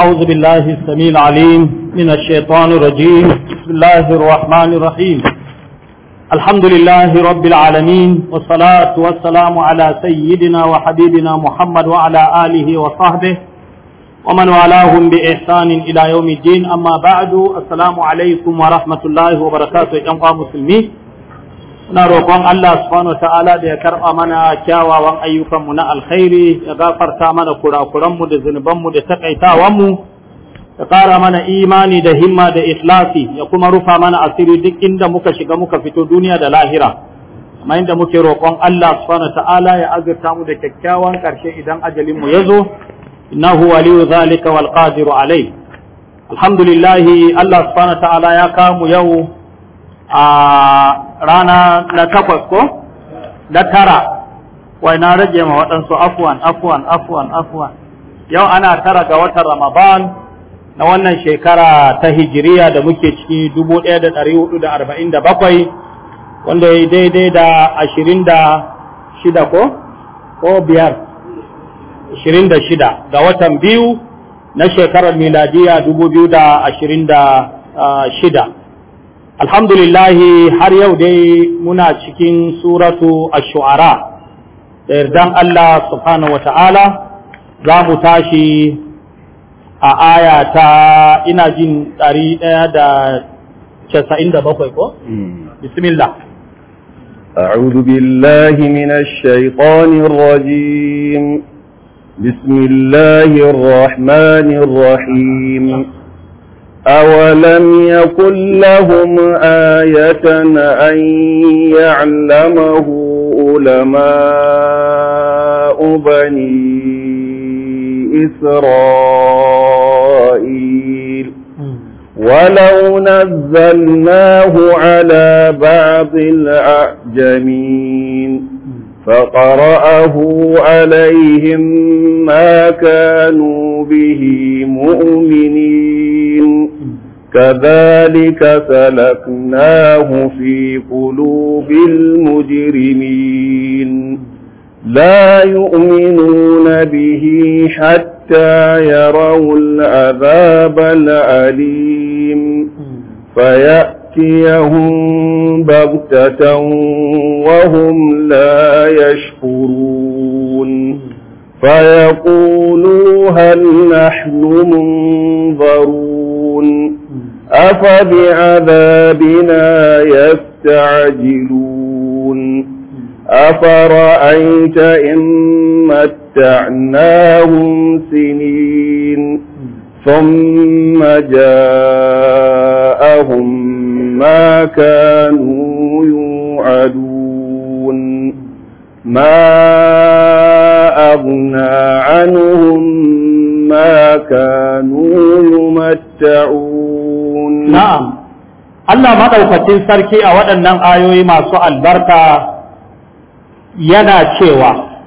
أعوذ بالله السميع العليم من الشيطان الرجيم بسم الله الرحمن الرحيم الحمد لله رب العالمين والصلاة والسلام على سيدنا وحبيبنا محمد وعلى آله وصحبه ومن والاهم بإحسان إلى يوم الدين أما بعد السلام عليكم ورحمة الله وبركاته أيها المسلمين Muna roƙon Allah subhanahu wa ta'ala da ya karɓa mana kyawawan ayyukanmu na alkhairi, ya gafarta mana kurakuranmu da zunubanmu da takaitawanmu, ya ƙara mana imani da himma da ikhlasi, ya kuma rufa mana asiri duk inda muka shiga muka fito duniya da lahira. Amma inda muke roƙon Allah subhanahu wa ta'ala ya azurta mu da kyakkyawan ƙarshe idan ajalinmu ya zo, innahu waliyu zalika wal qadiru alai. Alhamdulillah Allah subhanahu wa ta'ala ya kamu yau a rana na takwas ko da tara wai na rage ma waɗansu afuwan afuwan afuwan afuwan yau ana tara ga watan ramadan na wannan shekara ta hijiriya da muke ciki dubu ɗaya da da da hudu arba'in bakwai wanda ya daidai da ashirin da shida ko ko biyar Ashirin da shida. ga watan biyu na shekarar miladiya ah, shida. alhamdulillahi har yau dai muna cikin suratu a shuara da yardan Allah subhanahu wa ta'ala za mu tashi a aya ta ina jin ɗari ɗaya da casa'in da bakwai ko? Hmm. bismillah أعوذ بالله من الشيطان الرجيم بسم الله الرحمن الرحيم أولم يكن لهم آية أن يعلمه علماء بني إسرائيل ولو نزلناه على بعض الأعجمين فقرأه عليهم ما كانوا به مؤمنين كذلك سلكناه في قلوب المجرمين لا يؤمنون به حتى يروا العذاب الأليم فيأتيهم بغتة وهم لا يشكرون فيقولوا هل نحن منظرون أفبعذابنا يستعجلون أفرأيت إن متعناهم سنين ثم جاءهم ما كانوا يوعدون ما أغنى عنهم ما كانوا يمتعون na'am Allah maɗaukacin sarki a waɗannan ayoyi masu albarka yana cewa,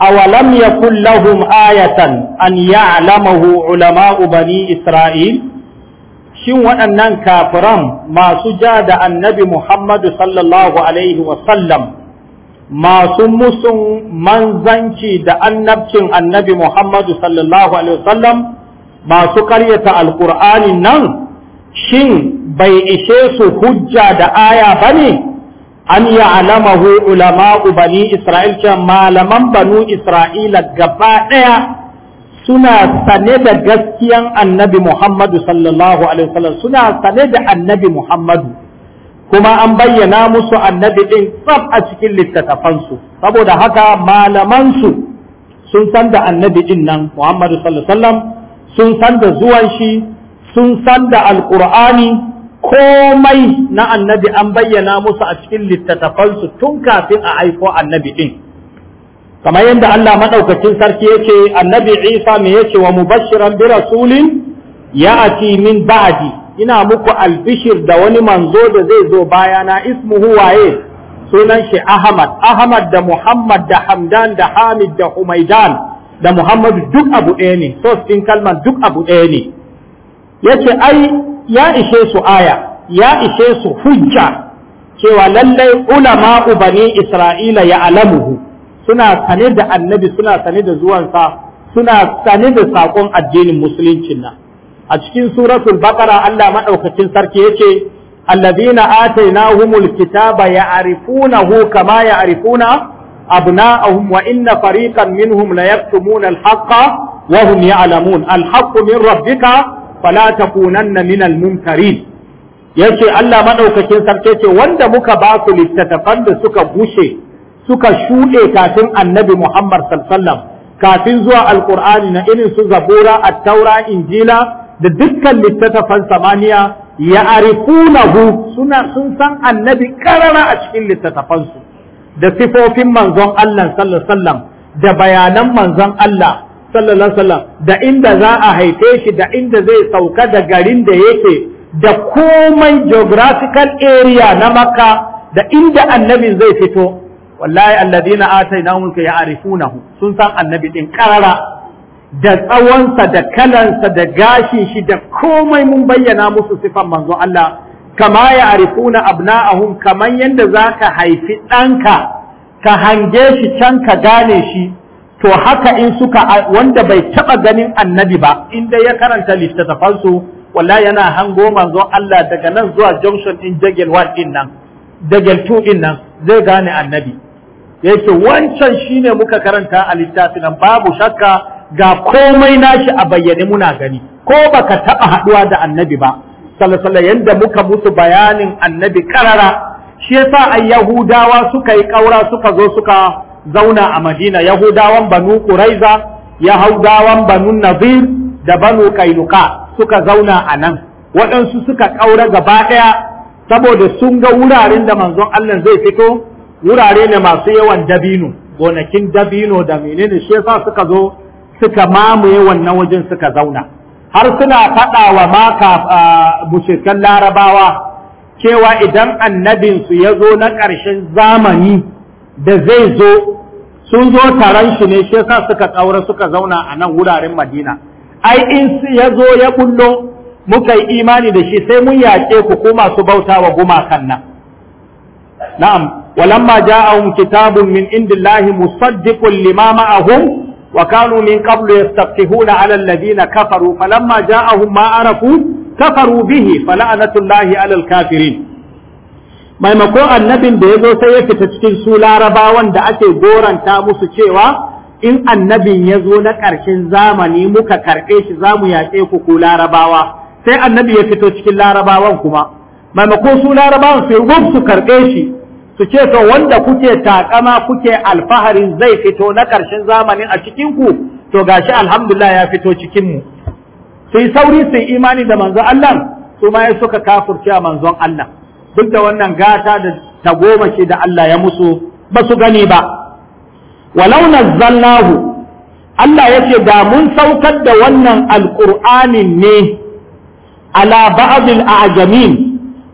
awalam ya lahum ayatan an ya'lamahu ulama'u bani Isra'il, shin waɗannan kafiran masu ja da annabi Muhammadu sallallahu Alaihi wasallam masu musun manzanci da annabcin annabi Muhammadu sallallahu Alaihi wasallam masu karyata Alkur'ani nan shin bai ishe su hujja da aya ba ne an yi alamahu ulama bani isra'il can malaman banu isra'ila gaba ɗaya suna sane da gaskiyan annabi muhammadu sallallahu alaihi wasallam suna sane da annabi muhammadu kuma an bayyana musu annabi ɗin tsaf a cikin littattafansu saboda haka malamansu sun san da annabi ɗin nan muhammadu sallallahu alaihi wasallam sun san da zuwan shi sun san da alkur'ani komai na annabi an bayyana musu a cikin littattafansu tun kafin a aiko annabi din kamar yadda Allah maɗaukacin sarki yace annabi Isa me yace wa mubashiran bi rasulin ya'ati min ba'di ina muku albishir da wani manzo da zai zo bayana ismuhu waye sunan shi Ahmad Ahmad da Muhammad da Hamdan da Hamid da Humaidan da Muhammadu duk abu ɗaya ne source ɗin kalman duk abu ɗaya ne yace ai ya ishe su aya ya ishe su hujja cewa lallai ulama'u bani Isra'ila ya alamuhu suna sane da annabi suna sane da zuwansa suna sane da saƙon addinin musuluncin nan a cikin suratul baqara Allah maɗaukacin sarki yace alladhina atainahumul kitaba ya'rifunahu kama arifuna أبناءهم وإن فريقا منهم ليكتمون الحق وهم يعلمون الحق من ربك فلا تكونن من الممترين yace Allah madaukakin sarki ce wanda muka ba su littattafan da suka bushe suka shuɗe kafin annabi Muhammad sallallahu kafin zuwa alkur'ani na irin su zabura attaura injila da dukkan littattafan samaniya ya arifunahu suna sun san annabi karara a cikin littattafansu da sifofin manzon Allah sallallahu sallam da bayanan manzon Allah sallallahu sallam da inda za a haife shi da inda zai sauka da garin da yake da komai geographical area na makka da inda annabi zai fito wallahi alladhina atainahum ka ya'rifunahu sun san annabi din karara da tsawonsa da kalansa da gashin shi da komai mun bayyana musu sifan manzon Allah kama ya arifuna abna'ahum kaman yadda zaka haifi ɗanka ka hange shi can ka gane shi to haka in suka wanda bai taɓa ganin annabi ba inda ya karanta littattafansu wallahi yana hango manzon Allah daga nan zuwa junction din Jagel 1 din nan Jagel 2 din nan zai gane annabi yake wancan shine muka karanta a littafin nan babu shakka ga komai nashi a bayyane muna gani ko baka taɓa haɗuwa da annabi ba sallallahu yanda muka musu bayanin annabi karara shi yasa ai yahudawa suka yi kaura suka zo suka zauna a madina yahudawan banu quraiza yahudawan banu nadir da banu kainuka suka zauna a nan waɗansu suka ƙaura gaba ɗaya saboda sun ga wuraren da manzon Allah zai fito wurare ne masu yawan dabino gonakin dabino da menene shi yasa suka zo suka mamaye wannan wajen suka zauna har suna faɗa wa maka mushrikan larabawa cewa idan annabinsu ya zo na ƙarshen zamani da zai zo sun zo taron shi ne shi yasa suka ƙaura suka zauna a nan wuraren madina ai in ya zo ya kullo muka yi imani da shi sai mun yaƙe ku ko masu bauta wa gumakan nan na'am walamma ja'ahum kitabun min indillahi musaddiqun lima ma'ahum وكانوا من قبل يستفتحون على الذين كفروا فلما a humma arafu كفروا به فلعنة الله على الكافرين maimakon annabin da ya zo sai ya fita cikin su larabawan da ake goranta musu cewa in annabin ya zo na ƙarshen zamani muka karɓe shi za mu yaƙe ku ku larabawa sai annabi ya fito cikin larabawan kuma maimakon su larabawan su rub su karɓe shi su ce to wanda kuke takama kuke alfahari zai fito na ƙarshen zamanin a cikinku to gashi alhamdulillah ya fito cikinmu su yi sauri su yi imani da manzon Allah su ma ya suka kafurce a manzon Allah duk da wannan gata da tagomashi da Allah ya musu ba su gani ba walau nazzalnahu Allah ya ce da mun saukar da wannan alƙur'anin ne ala ba'dil a'jamin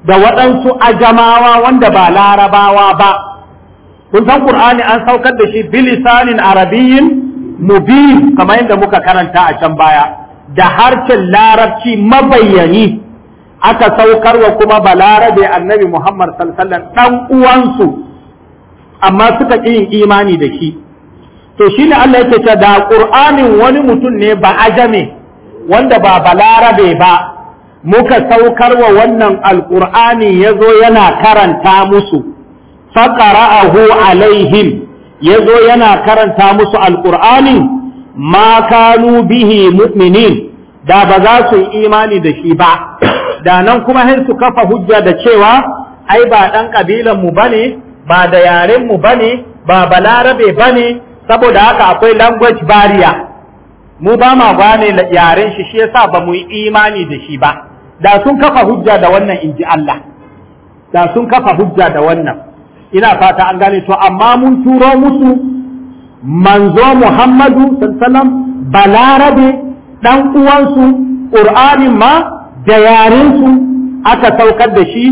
da waɗansu ajamawa wanda ba larabawa ba kun san qur'ani an saukar da shi bilisanin arabiyyin mubin kamar yadda muka karanta a can baya da harshen larabci mabayyani aka saukar wa kuma balarabe annabi Muhammad sallallahu dan uwansu amma suka ƙi imani da shi to shi ne Allah yake ce da Qur'anin wani mutum ne ba ajame wanda ba balarabe ba muka saukar wa wannan alƙur'ani ya zo yana karanta musu faƙara'ahu alaihim ya zo yana karanta musu alƙur'ani ma kanu bihi mu'minin da ba za su yi imani da shi ba da nan kuma hin su kafa hujja da cewa ai ba ɗan ƙabilanmu ba ne ba da yarenmu ba ne ba balarabe ba ne saboda haka akwai language barrier mu ba ma gane yaren shi shi yasa ba mu yi imani da shi ba da sun kafa hujja da wannan inji Allah da sun kafa hujja da wannan ina fata an gane to amma mun turo musu manzo Muhammadu sallallahu balarabe dan uwansu qur'ani ma da yarinsu aka saukar da shi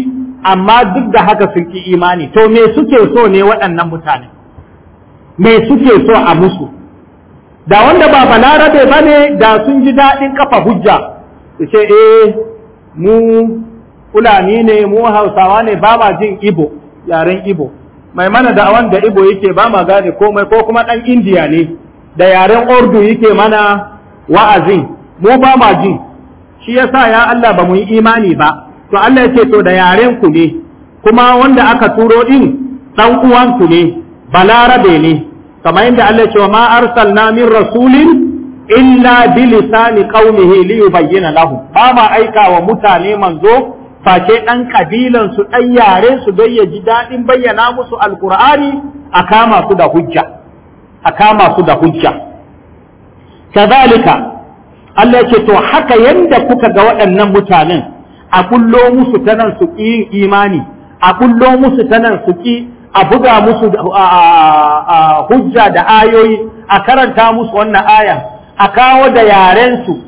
amma duk da haka sun ki imani to me suke so ne waɗannan mutane me suke so a musu da wanda ba balarabe bane da sun ji daɗin kafa hujja su ce eh mu fulani ne mu hausawa ne ba ma jin ibo yaren ibo mai mana da wanda ibo yake ba ma gane komai ko kuma dan indiya ne da yaren ordu yake mana wa'azin mu ba ma jin shi yasa ya Allah ba mu yi imani ba to Allah yake to da yaren ku ne kuma wanda aka turo din dan uwan ku ne balarabe ne kamar yadda Allah ya ce ma arsalna min rasulin illa bi lisani qaumihi li yubayyana lahum ba ma aika wa mutane manzo face dan kabilan su dan yare su don ya ji dadin bayyana musu alqur'ani a kama su da hujja a kama su da hujja kadhalika Allah yake to haka yanda kuka ga waɗannan mutanen a kullo musu ta su ƙi imani a kullo musu ta su ƙi a buga musu hujja da ayoyi a karanta musu wannan aya. a kawo da yarensu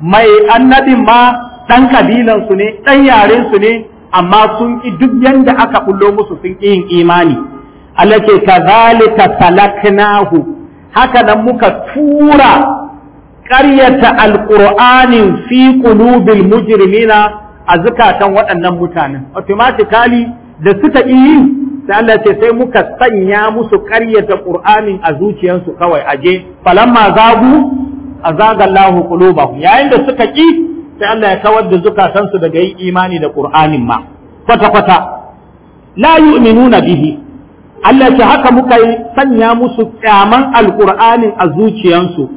mai annabin ma ɗan kabilansu ne ɗan yarensu ne amma sun ƙi duk yanda aka bullo musu sun ƙi yin imani Allah ke kazalika salaknahu haka nan muka tura ƙaryata alƙur'anin fi qulubil mujrimina a zukatan waɗannan mutanen automatically da suka yi sai Allah ce sai muka sanya musu ƙaryata ƙur'anin a zuciyarsu kawai aje falamma zagu azagallahu qulubahum yayin da suka ƙi, sai Allah ya kawar da zukatansu daga yin imani da Qur'anin ma kwata kwata la yu'minuna bihi Allah ce haka muka yi sanya musu kyaman alqur'anin a zuciyansu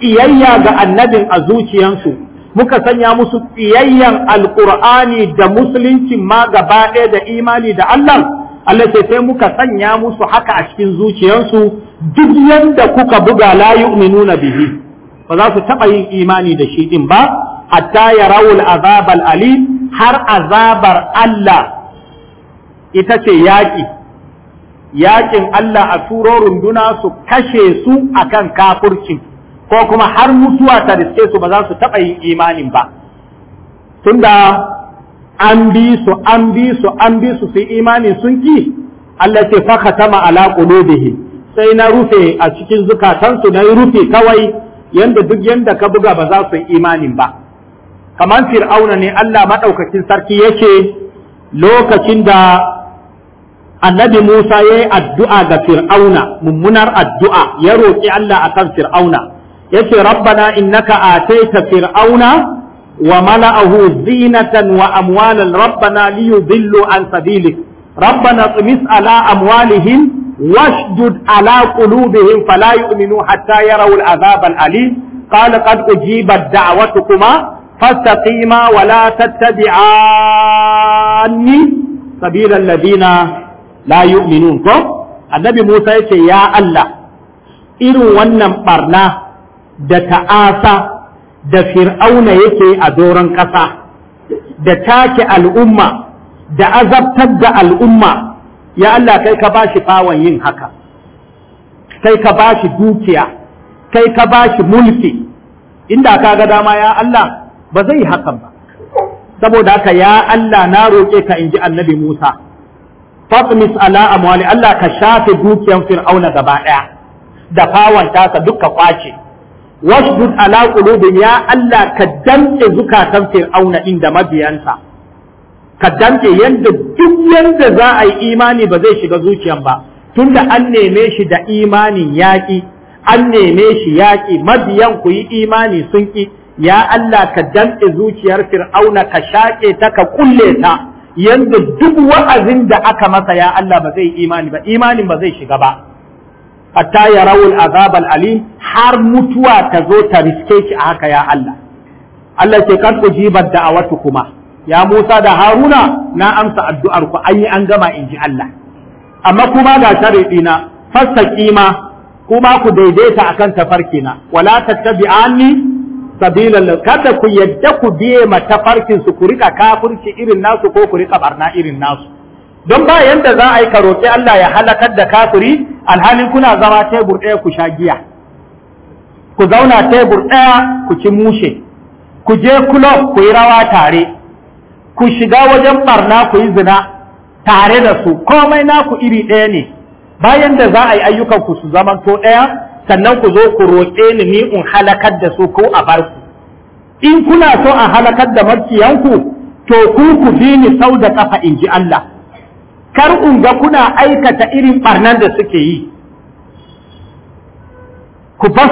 kiyayya ga annabin a zuciyansu muka sanya musu kiyayyan alqur'ani da musulunci ma gaba ɗaya da imani da Allah Allah ce sai muka sanya musu haka a cikin zuciyansu duk yanda kuka buga la yu'minuna bihi ba za su taɓa yin imani da shi ɗin ba hatta ya rawul azabal ali har azabar Allah ita ce yaƙi yaƙin Allah a turo runduna su kashe su akan kafurcin ko kuma har mutuwa ta riske su ba za su taɓa yin imanin ba tunda an bi su an bi su an bi su su imani sun ki Allah ce fa khatama ala qulubihim sai na rufe a cikin zukatansu na rufe kawai yanda duk yanda ka buga ba za su yi imanin ba kamar fir'auna ne Allah maɗaukakin sarki yake lokacin da annabi Musa ya yi addu'a ga fir'auna mummunar addu'a ya roƙi Allah akan fir'auna yace rabbana innaka ataita fir'auna wa mala'ahu zinatan wa amwalan rabbana liyudillu an sabilik rabbana tumis ala amwalihim واشدد على قلوبهم فلا يؤمنوا حتى يروا العذاب الأليم قال قد أجيبت دعوتكما فاستقيما ولا تتبعاني سبيل الذين لا يؤمنون ko annabi Musa ya ce ya Allah irin wannan barna da ta'asa da fir'auna yake a doron ƙasa da take al'umma da azabtar da al'umma ya Allah kai ka bashi fawon yin haka kai ka bashi dukiya kai ka bashi mulki inda ka ga dama ya Allah ba zai hakan ba saboda haka ya Allah na roƙe ka inji annabi Musa fatmis ala amwali Allah ka shafe dukiyan fir'auna gaba ɗaya da fawon tasa dukka ka kwace washdud ala qulubin ya Allah ka danƙe zukatan fir'auna inda mabiyansa ka damke yadda duk yadda za a yi imani ba zai shiga zuciyan ba tunda an neme shi da imanin yaƙi an neme shi yaƙi mabiyan ku yi imani sun ƙi ya Allah ka damke zuciyar fir'auna ka shaƙe ta ka kulle ta yadda duk wa'azin da aka masa ya Allah ba zai imani ba imanin ba zai shiga ba hatta ya rawul azab alim har mutuwa ta zo ta riske shi a haka ya Allah Allah ke kan ujibar da'awatu kuma ya Musa da Haruna na amsa addu'ar ku an yi an gama in ji Allah amma kuma ga sharidi na fasakima kuma ku daidaita akan tafarki na wala tattabi'ani sabilan kada ku yadda ku biye ma tafarkin su ku rika kafirci irin nasu ko ku rika barna irin nasu don ba yanda za a yi ka roƙi Allah ya halakar da kafiri alhalin kuna zama tebur ɗaya ku sha giya ku zauna tebur ɗaya ku ci mushe ku je kulob ku yi rawa tare ku shiga wajen barna ku yi zina tare da su komai naku iri ɗaya ne bayan da za a yi ayyukan ku su zaman to ɗaya sannan ku zo ku roƙe ni ni in halakar da su ko a bar ku in kuna so a halakar da makiyanku to ku ku bi ni sau da kafa in ji Allah kar in ga kuna aikata irin barnan da suke yi ku bar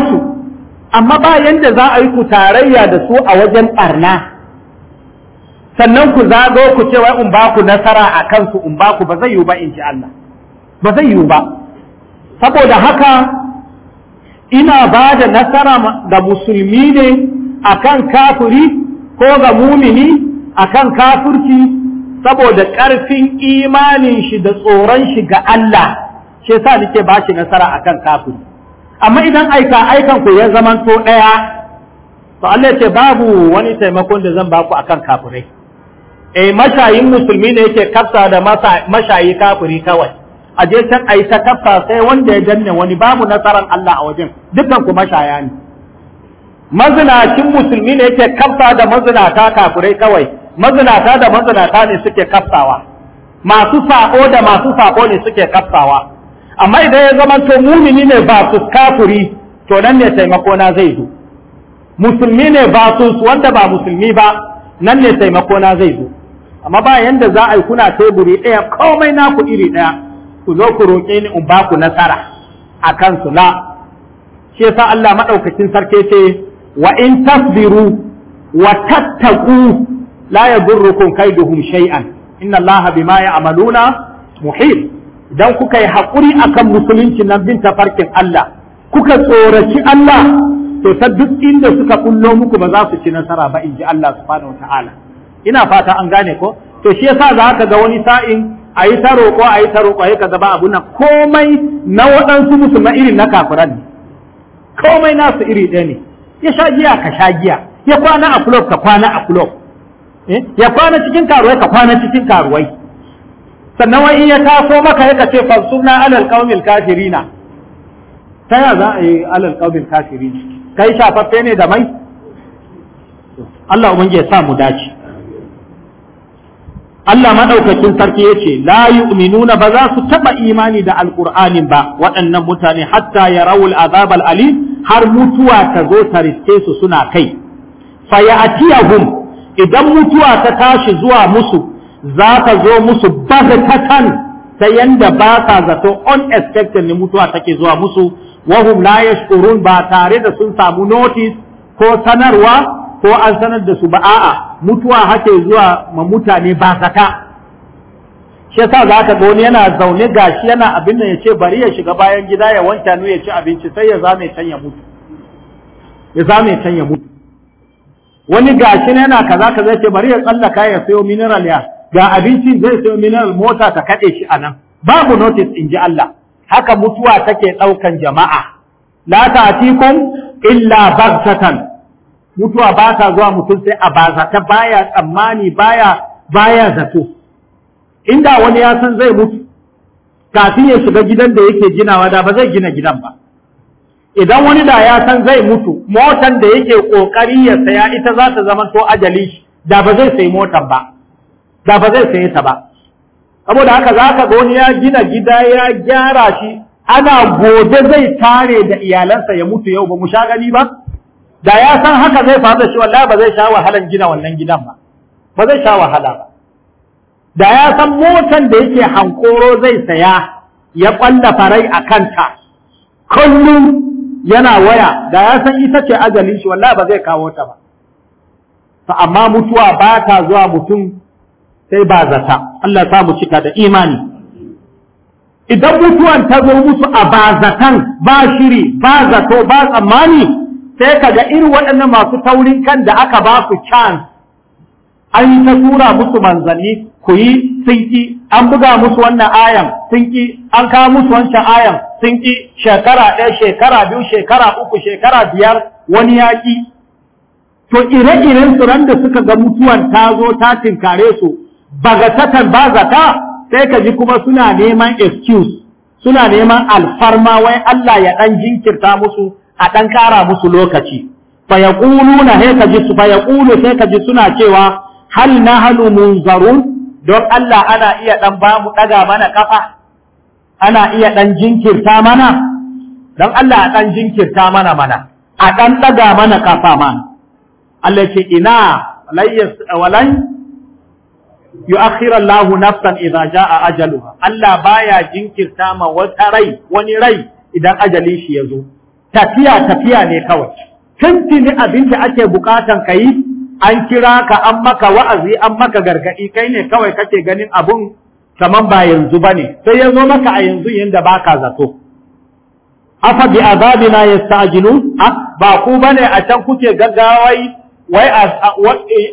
amma bayan da za a yi ku tarayya da su a wajen barna sannan ku zago ku ce wai in ba ku nasara a kansu in ba ku ba zai yiwu ba in ji Allah ba zai yiwu ba saboda haka ina ba da nasara ga musulmi ne akan kafuri ko ga mumini akan kafirci saboda ƙarfin imanin shi da tsoron shi ga Allah shi sa nake ba shi nasara akan kafiri amma idan aika aikan ku ya zamanto ɗaya to Allah ya ce babu wani taimakon da zan ba ku akan kafirai eh mashayin musulmi ne yake kafsa da mashayi kafiri kawai a je can a yi ta kafsa sai wanda ya danne wani babu nasarar Allah a wajen dukkan ku mashaya ne mazinacin musulmi ne yake kafsa da mazinata kafirai kawai mazinata da mazinata ne suke kafsawa masu sako da masu sako ne suke kafsawa amma idan ya zama to mumini ne ba su kafiri to nan ne taimako na zai zo musulmi ne ba su wanda ba musulmi ba nan ne taimako na zai zo amma ba yanda za a yi kuna teburi ɗaya komai naku iri ɗaya ku zo ku roƙe ni in baku nasara a kansu la shi yasa Allah madaukakin sarki ce wa in tasbiru wa tattaku la yadurrukum kaiduhum shay'an inna Allaha bima ya'maluna muhit idan kuka yi haƙuri akan musulunci nan bin farkin Allah kuka tsoraci Allah to ta duk inda suka kullo muku ba za su ci nasara ba in ji Allah subhanahu wa ta'ala ina fata an gane ko to shi yasa za ka ga wani sa'in a yi ta roƙo a yi ta roƙo ka gaba abu na komai na waɗansu musulma irin na kafiran ne komai nasu iri ɗaya ne ya sha giya ka sha giya ya kwana a kulob ka kwana a kulob eh? ya kwana cikin karuwai ka kwana cikin karuwai sannan wai in ya taso maka ya ce fansuna alal qaumil kafirina ta ya za a yi alal qaumil kafirina kai shafaffe ne da mai Allah ubangi ya sa mu dace Allah madaukakin sarki yace la yu'minuna ba za su taɓa imani da Alkur'ani ba waɗannan mutane hatta yarawul azabal ali har mutuwa ta zo ta riske su suna kai fa ya'tiyahum idan mutuwa ta tashi zuwa musu za ta zo musu bazatatan ta yanda ba sa zato unexpected ne mutuwa take zuwa musu wahum la ba tare da sun samu notice ko sanarwa ko an sanar da su ba a'a mutuwa hake zuwa ma mutane ba zata shi yasa za ka ga wani yana zaune gashi yana abin da ya ce bari ya shiga bayan gida ya wanke nu ya ci abinci sai ya zame can ya mutu ya zame can ya mutu wani gashi yana kaza kaza ce bari ya tsallaka ya sayo mineral ya ga abinci zai sayo mineral mota ta kaɗe shi anan. babu notice in ji Allah haka mutuwa take ɗaukan jama'a la ta'tikum illa baghtatan mutuwa ba ta zuwa mutum sai a bazata baya tsammani baya baya zato inda wani ya san zai mutu kafin ya shiga gidan da yake ginawa da ba zai gina gidan ba idan wani da ya san zai mutu motan da yake kokari ya saya ita za ta zama to ajali da ba zai sayi motan ba da ba zai saye ta ba saboda haka za ka ga wani ya gina gida ya gyara shi ana gobe zai tare da iyalansa ya mutu yau ba mu sha gani ba da ya san haka zai faru da shi wallahi ba zai sha wahalan gina wannan gidan ba ba zai sha wahala ba da ya san motan da yake hankoro zai saya ya kwalla farai a kanta kullum yana waya da ya san ita ce ajalin shi wallahi ba zai kawo ta ba to amma mutuwa ba ta zuwa mutum sai ba zata Allah sa mu cika da imani idan mutuwan ta zo musu a bazatan ba shiri ba zato ba tsammani sai ka ga irin waɗannan masu taurin kan da aka ba ku chance an yi ta tura musu manzanni ku yi sun ki an buga musu wannan ayan sun ki an kawo musu wancan ayan sun ki shekara ɗaya shekara biyu shekara uku shekara biyar wani yaƙi to ire-iren su randa suka ga mutuwan ta zo ta tinkare su bagatatan ba zata sai ka ji kuma suna neman excuse suna neman alfarma wai Allah ya ɗan jinkirta musu a ɗan ƙara musu lokaci fa ya sai ka ji su fa ƙulu sai ka ji suna cewa hal mun munzarun don Allah ana iya ɗan ba mu ɗaga mana ƙafa ana iya ɗan jinkirta mana don Allah a ɗan jinkirta mana mana a ɗan ɗaga mana ƙafa ma Allah ce ina walan yu'akhir Allah nafsan idza jaa ajaluha Allah baya jinkirta ma wata rai wani rai idan ajali shi ya zo tafiya tafiya ne kawai tuntuni abin da ake bukatan ka yi an kira ka an maka wa'azi an maka gargadi. kai ne kawai kake ganin abun kaman ba yanzu ba ne sai ya zo maka a yanzu yadda ba ka zato afa bi azabina yasta'jilun ba ku bane a can kuke gaggawa wai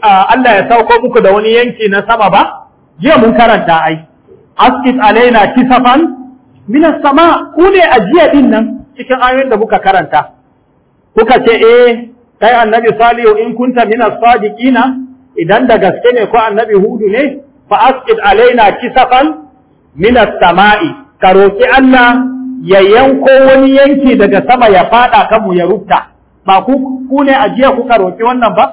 Allah ya sauko muku da wani yanki na sama ba jiya mun karanta ai askit alaina kisafan min as-sama ku ne a din nan cikin ayoyin da kuka karanta kuka ce eh kai annabi salihu in kunta mina sadiqina idan da gaske ne ko annabi hudu ne fa asqid alaina kisafan mina samai ka roki Allah ya yanko wani yanki daga sama ya fada kanmu ya rubuta. ba ku ku ne ajiya kuka roki wannan ba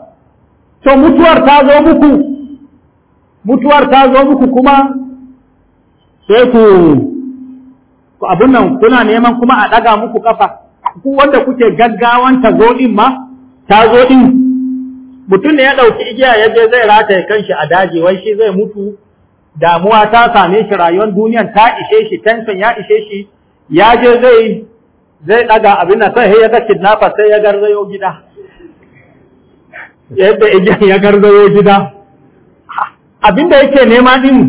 to mutuwar ta zo muku mutuwar ta zo muku kuma sai ku Ku abun nan kuna neman kuma a ɗaga muku kafa ku wanda kuke gaggawan ta zo din ma ta zo din mutum ne ya ɗauki igiya ya je zai rataye kanshi a daji wai shi zai mutu damuwa ta same shi rayuwar duniyan ta ishe shi tension ya ishe shi ya je zai zai ɗaga abin nan sai ya ga kidnapper sai ya garzayo gida yadda igiyan ya garzayo gida abin da yake nema din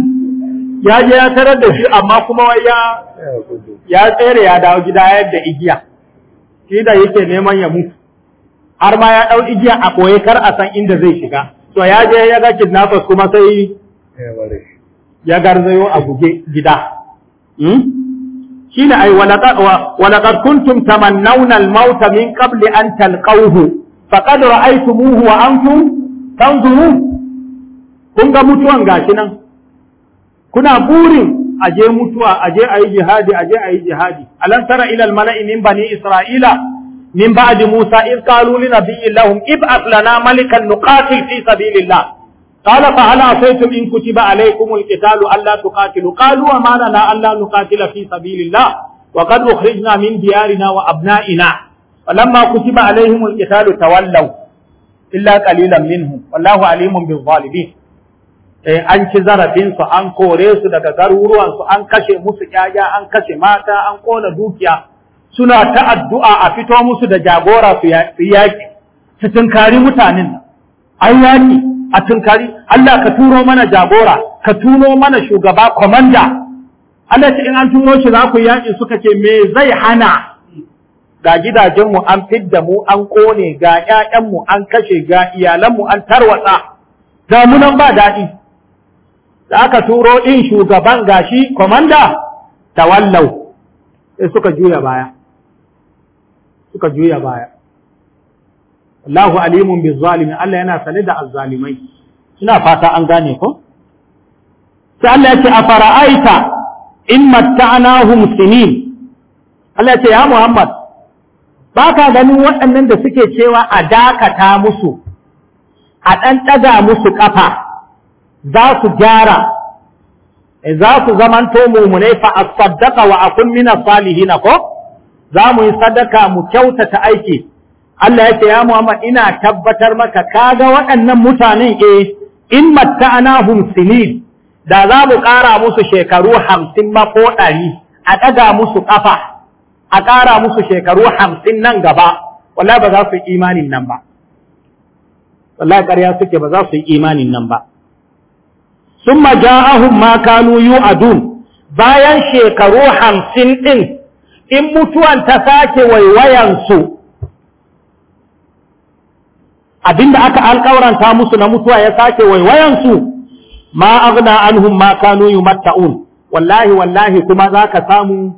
ya je ya tarar da shi amma kuma wai ya ya tsere ya dawo gida yadda igiya shi da yake neman ya mutu har ma ya ɗau igiya a ɓoye kar a san inda zai shiga to ya je ya ga kidnappers kuma sai ya garzayo a buge gida hmm? shine ai walaqad kuntum taman al mauta min ƙabli an talqawhu faqad muhu wa antum tanzurun kun ga mutuwan gashi nan kuna burin aje mutuwa aje ayi jihadi aje ayi jihadi alam tara ila al mala'i min bani isra'ila min ba'di musa id qalu li nabiyyin lahum ib'ath lana malikan nuqatil fi sabilillah قال فهل عصيتم إن كتب عليكم القتال ألا تقاتلوا قالوا وما لنا ألا نقاتل في سبيل الله وقد أخرجنا من ديارنا وأبنائنا فلما كتب عليهم القتال تولوا إلا قليلا منهم والله عليم بالظالمين Eh, an ci zarafinsu an kore su daga garuruwansu an kashe musu ƴaƴa an kashe mata an ƙona dukiya suna ta addu'a a fito musu da jagora su yaƙi su tunkari mutanen an yaƙi a tunkari Allah ka turo mana jagora ka turo mana shugaba komanda Allah ce in an turo shi za ku yaƙi suka ce me zai hana ga gidajenmu an fidda mu an ƙone ga ƴaƴanmu an kashe ga iyalanmu an tarwatsa da munan ba daɗi da aka turo ɗin shugaban gashi komanda tawallau sai suka juya baya suka juya baya Allahu alimun bi zalimi Allah yana sane da azzalimai ina fata an gane ko sai Allah ya ce a fara'aita in matta'nahum sinin Allah ya ce ya Muhammad Baka ganin waɗannan da suke cewa a dakata musu a ɗan ɗaga musu ƙafa za su gyara eh, za su mu mumunai fa asaddaqa wa akun salihi na ko za mu yi sadaka mu kyautata aiki Allah ya ce ya Muhammad ina tabbatar maka kaga waɗannan mutanen eh in matta'anahum sinin da za mu ƙara musu shekaru hamsin ma ko ɗari a ɗaga musu ƙafa a ƙara musu shekaru hamsin nan gaba wallahi ba za su yi imanin nan ba wallahi ƙarya suke ba za su yi imanin nan ba sun maja'ahun ma kanu adun bayan shekaru hamsin ɗin in mutuwan ta sake waiwayansu abinda aka alƙawaranta musu na mutuwa ya sake waiwayansu ma agna anhum ma kanu wallahi wallahi kuma zaka samu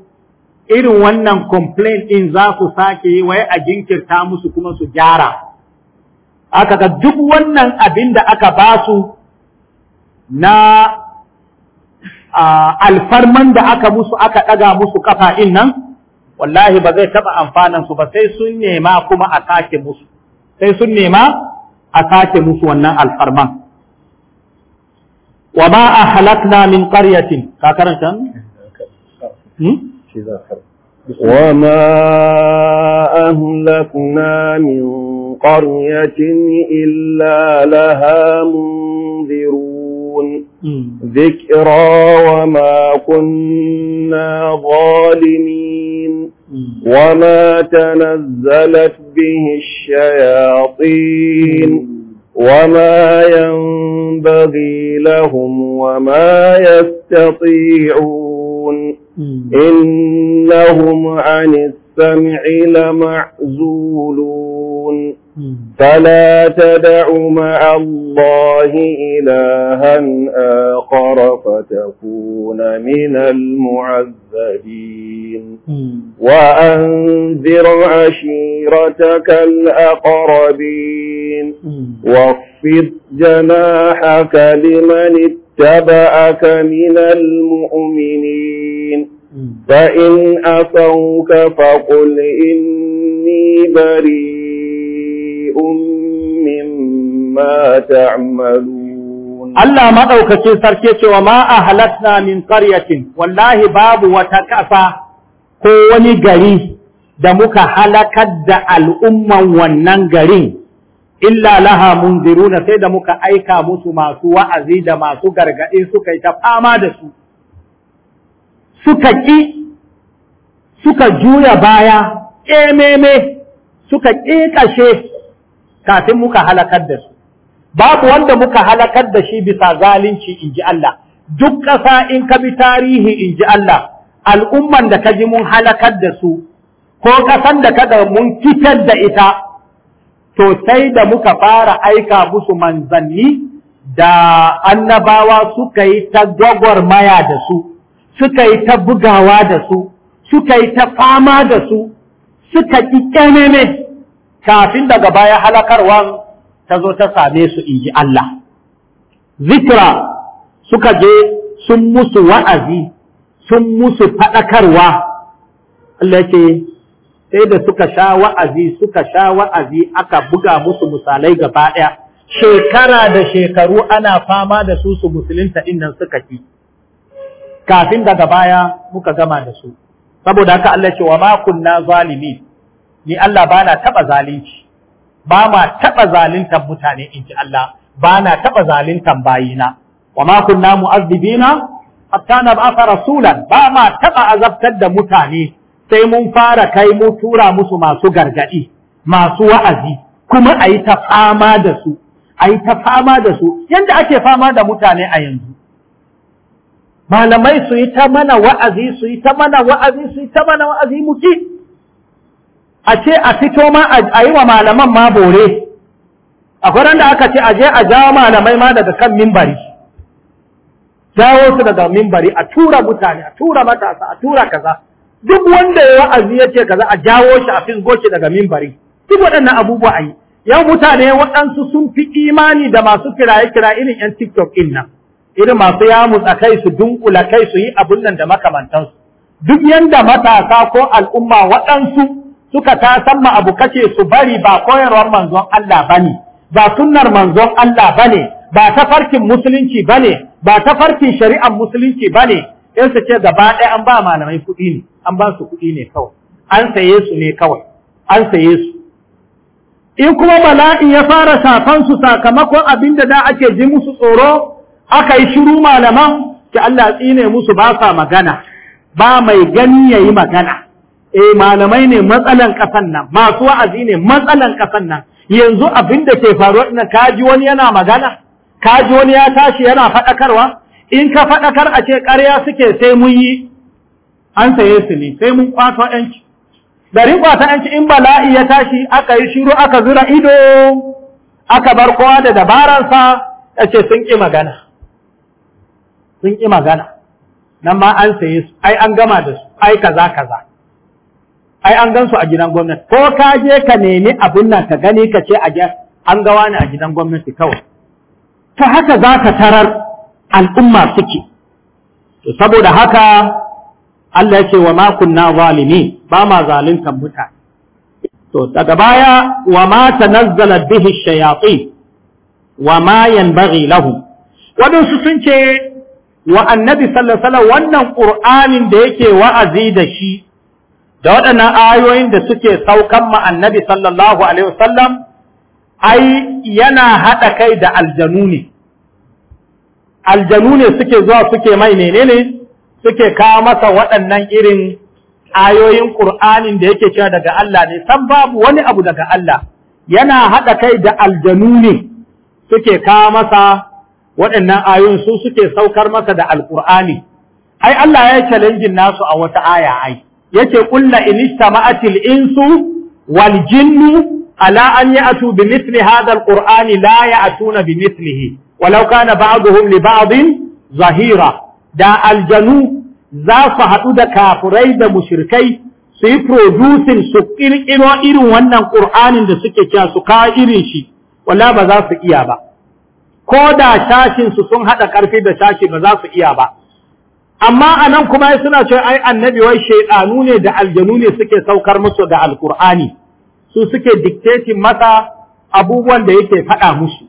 irin wannan complaint ɗin za ku sake yi wai a jinkirta musu kuma su gyara aka ga duk wannan abin da aka ba su na alfarman da aka musu aka daga musu kafa din nan wallahi ba zai taba amfanan su ba sai sun nema kuma a sake musu sai sun nema a sake musu wannan alfarman wa ma a halakna min qaryatin ka karanta hmm وما أهلكنا من قرية إلا لها منذرون ذكرى وما كنا ظالمين وما تنزلت به الشياطين وما ينبغي لهم وما يستطيعون إنهم عن السمع لمعزولون فلا تدع مع الله إلها آخر فتكون من المعذبين وأنذر عشيرتك الأقربين واخفض جناحك لمن اتبعك من المؤمنين فإن أتوك فقل إني بريء مما تعملون الله ما أوكتين سركيش وما أهلتنا من قرية والله باب وتكفى كوني قري da muka halakar da al'umman wannan garin, illa laha munziruna sai da muka aika musu masu wa'azi da masu gargaɗi suka yi ta da su. suka ƙi suka juya baya ƙememe suka ƙiƙashe kafin muka halakar da su babu wanda muka halakar da shi bisa zalunci in ji Allah duk ƙasa in ka bi tarihi in ji Allah al'umman da ka ji mun halakar da su ko ƙasan da ka mun fitar da ita to sai da muka fara aika musu manzanni da annabawa suka yi ta gwagwarmaya da su suka yi ta bugawa da su suka yi ta fama da su suka ƙi ƙanene kafin daga baya halakarwan ta zo ta same su in ji Allah zikra suka je sun musu wa'azi sun musu faɗakarwa Allah ce sai da suka sha wa'azi suka sha wa'azi aka buga musu misalai gaba ɗaya shekara da shekaru ana fama da su su musulunta inda suka ki. kafin daga baya muka gama da su saboda haka Allah ce wa ma kunna zalimi ni Allah bana taba zalunci ba ma taba zaluntan mutane in ji Allah bana taba zaluntan bayina wa ma kunna mu'azzibina hatta nab'a rasulan ba ma taba azabtar da mutane sai mun fara kai mu tura musu masu gargadi masu wa'azi kuma ayi ta fama da su ayi ta fama da su yanda ake fama da mutane a yanzu malamai su yi ta mana wa'azi su yi ta mana wa'azi su yi ta mana wa'azi muki a ce a fito ma a yi wa malaman ma bore akwai ran da aka ce a je a jawo malamai ma daga kan mimbari jawo su daga mimbari a tura mutane a tura matasa a tura kaza duk wanda ya wa'azi ya ce kaza a jawo shi a fisgo shi daga mimbari duk waɗannan abubuwa a yi yau mutane waɗansu sun fi imani da masu kiraye kira irin 'yan tiktok ɗin nan irin masu yamutsa kai su dunkula kai su yi abun nan da makamantansu duk yanda matasa ko al'umma waɗansu suka ta ma abu kace su bari ba koyarwar manzon Allah bane ba sunnar manzon Allah bane ba ta farkin musulunci bane ba ta farkin shari'ar musulunci bane in su ce gaba ɗaya an ba malamai kuɗi ne an ba su kuɗi ne kawai an saye su ne kawai an saye su in kuma bala'i ya fara shafan su sakamakon abin da da ake ji musu tsoro aka yi shiru malaman ki Allah tsine musu ba sa magana ba mai gani yayi magana eh malamai ne matsalan kasan nan masu wa'azi ne matsalan kasan nan yanzu abin da ke faruwa ina kaji wani yana magana kaji wani ya tashi yana faɗakarwa in ka faɗakar a ce ƙarya suke sai mun yi an saye su ne sai mun kwato yanci garin kwato yanci in bala'i ya tashi aka yi shiru aka zura ido aka bar kowa da dabaransa ya ce sun ƙi magana sun ƙi magana nan ma an saye su ai an gama da su ai kaza kaza ai an gansu a gidan gwamnati ko ka je ka nemi abin nan ka gani ka ce a an gawa ne a gidan gwamnati kawai ta haka za ka tarar al'umma suke to saboda haka Allah ya ce wa ma na zalimi ba ma kan mutane to daga baya wa ma nazzala bihi shayafi wa ma yanbaghi lahu waɗansu sun ce wa annabi sallallahu alaihi wannan qur'anin da yake wa'azi da shi da waɗannan ayoyin da suke saukan ma annabi sallallahu alaihi wasallam ai yana haɗa kai da aljanu ne aljanu ne suke zuwa suke mai menene suke kawo masa waɗannan irin ayoyin ƙur'anin da yake cewa daga Allah ne san babu wani abu daga Allah yana haɗa kai da aljanu ne suke kawo masa waɗannan ayoyin su suke saukar masa da alƙur'ani ai Allah ya challenge nasu a wata aya ai yace qul inistama'atil insu wal jinnu ala an ya'tu bi mithli hadha alqur'ani la ya'tuna bi mithlihi walau kana ba'dhum li ba'din zahira da aljanu za su hadu da kafurai da mushrikai su yi producing su kirkiro irin wannan qur'anin da suke cewa su ka irin shi wallahi ba za su iya ba ko da su sun haɗa ƙarfi da sashi ba za su iya ba amma a nan kuma suna cewa ai annabi wai shaiɗanu ne da aljanu ne suke saukar musu da alkur'ani su suke diktetin masa abubuwan da yake faɗa musu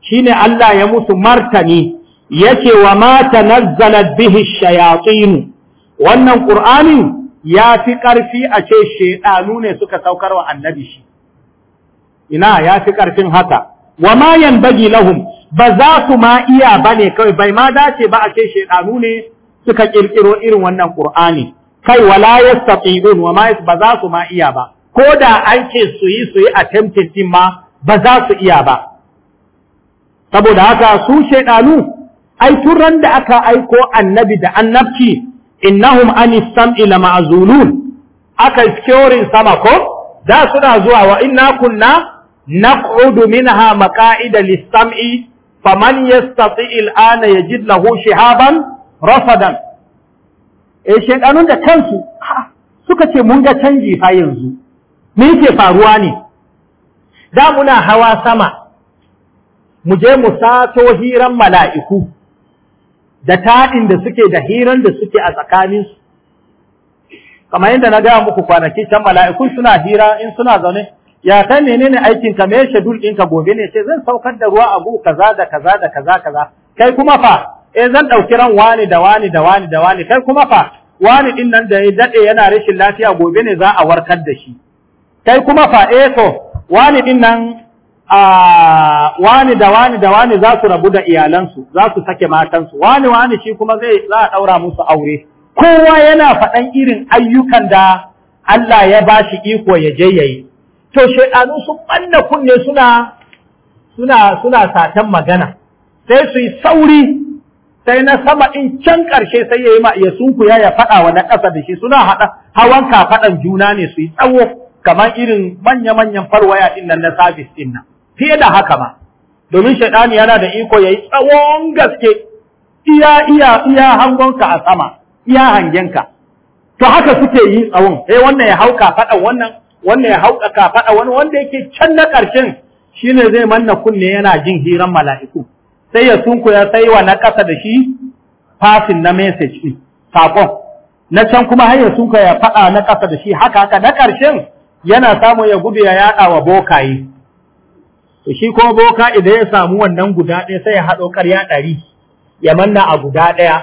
Shi ne Allah ya musu martani yake wa mata tanazzalat bihi shayatin wannan ƙur'ani ya fi ƙarfi a ce shaiɗanu ne suka saukar wa annabi shi ina ya fi ƙarfin haka wa ma bagi lahum ba za su ma iya bane kawai, bai ma dace ba a ce shedanu ne suka kirkiro irin wannan qur'ani kai wala yastaqidun wa ma ba za su ma iya ba ko da an ce su yi su yi attempting din ma ba za su iya ba saboda haka su shedanu ai turan da aka aiko annabi da annabci innahum anis sam'i ma'zulun aka securing sama ko da suna zuwa wa inna kunna naq'udu minha maqa'ida lis-sam'i faman yastati al-ana yajid lahu shihaban rasadan E shedanun da kansu suka ce mun ga canji fa yanzu me yake faruwa ne da muna hawa sama mu je mu sato hiran mala'iku da taɗin da suke da hiran da suke a tsakaninsu kamar yadda na gaya muku kwanaki can mala'iku suna hira in suna zaune ya san menene aikin ka me shedul ɗinka gobe ne sai zan saukar da ruwa abu kaza da kaza da kaza kaza kai kuma fa eh zan dauki ran wani da wani da wani da wani kai kuma fa wani din nan da ya daɗe yana rashin lafiya gobe ne za a warkar da shi kai kuma fa eh to wani din nan a wani da wani da wani za su rabu da iyalansu za su sake matansu wani wani shi kuma zai za a ɗaura musu aure kowa yana faɗan irin ayyukan da Allah ya bashi iko ya je yi. to shaidanu sun banna kunne suna suna suna satan magana sai su yi sauri sai na sama in can karshe sai ya yi ma ya sunku ya fada wa na kasa da shi suna hada hawan kafaɗan juna ne su yi tsawo kamar irin manya-manyan farwaya ɗin nan na sabis ɗin nan fiye da haka ma domin shaidani yana da iko ya yi tsawon gaske iya iya iya ka a sama iya hangenka to haka suke yi tsawon eh wannan ya hau kafaɗan wannan wannan ya da kafaɗa wani wanda yake can na ƙarshen shi ne zai manna kunne yana jin hiran mala'iku sai ya sunku ya sai wa na ƙasa da shi fasin na message ɗin saƙon na can kuma har ya sunku ya faɗa na ƙasa da shi haka haka na ƙarshen yana samun ya gudu ya yaɗa wa bokaye to shi ko boka idan ya samu wannan guda ɗaya sai ya haɗo ƙarya ɗari ya manna a guda ɗaya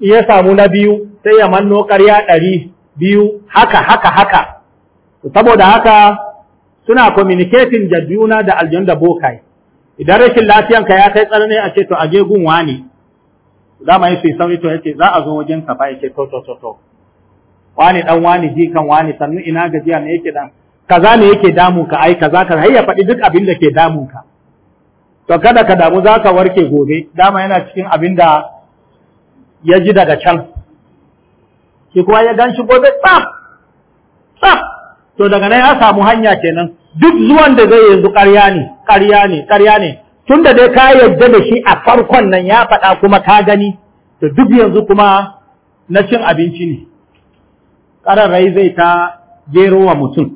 ya samu na biyu sai ya manno ƙarya ɗari biyu haka haka haka saboda haka suna communicating da juna da aljanu da bokai idan rashin lafiyanka ya kai tsanani a ce to aje gegun wani? za mu yi sai sauri to yace za a zo wajen ka fa yace to to to to wani dan wani ji kan wani sannu ina gajiya ne yake dan kaza ne yake damu ka ai kaza ka hayya faɗi duk abin da ke damun ka to kada ka damu za ka warke gobe dama yana cikin abin da ya ji daga can shi kuma ya gan shi gobe tsaf tsaf to daga nan ya samu hanya kenan duk zuwan da zai yanzu ƙarya ne ƙarya ne ƙarya ne tun da dai ka yarda da shi a farkon nan ya faɗa kuma ka gani to duk yanzu kuma na cin abinci ne rai zai ta gero wa mutum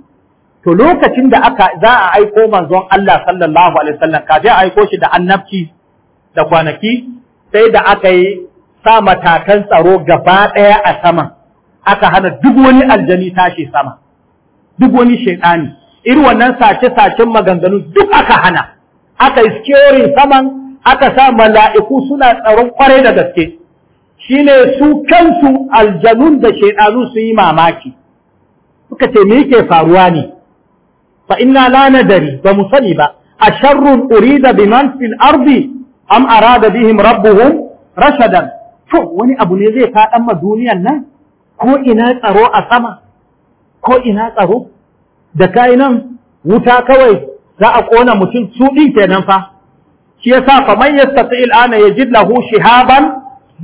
to lokacin da aka za a aiko manzon Allah sallallahu alaihi wasallam ka a aiko shi da annabci da kwanaki sai da aka yi sa matakan tsaro gaba ɗaya a sama aka hana duk wani aljani tashi sama duk wani shaidani irin wannan sace-sacen maganganu duk aka hana aka yi securing saman aka sa mala'iku suna tsaron kwarai da gaske shine su kansu aljanun da shaidanu su yi mamaki suka ce me yake faruwa ne fa inna la nadari ba mu sani ba a sharrun urida biman fil ardi am arada bihim rabbuhum rashadan to wani abu ne zai faɗan ma duniyan nan ko ina tsaro a sama ko ina tsaro da kai nan wuta kawai za a kona mutum su kenan fa shi yasa fa man yastati al'ana yajid lahu shihaban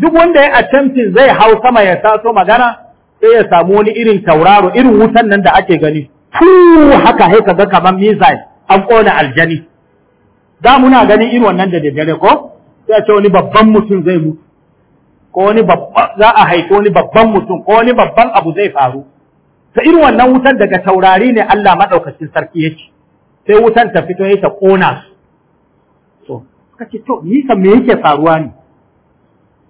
duk wanda ya attempting zai hau sama ya taso magana sai ya samu wani irin tauraro irin wutan nan da ake gani fu haka sai kaga kaman misai. an kona aljani da muna ganin irin wannan da daddare ko sai a ce wani babban mutum zai mutu ko wani babban za a haifi wani babban mutum ko wani babban abu zai faru ta irin wannan wutar daga taurari ne Allah maɗaukacin sarki ya ce sai wutan ta fito ya ta ƙona su to suka ce to ni me yake faruwa ne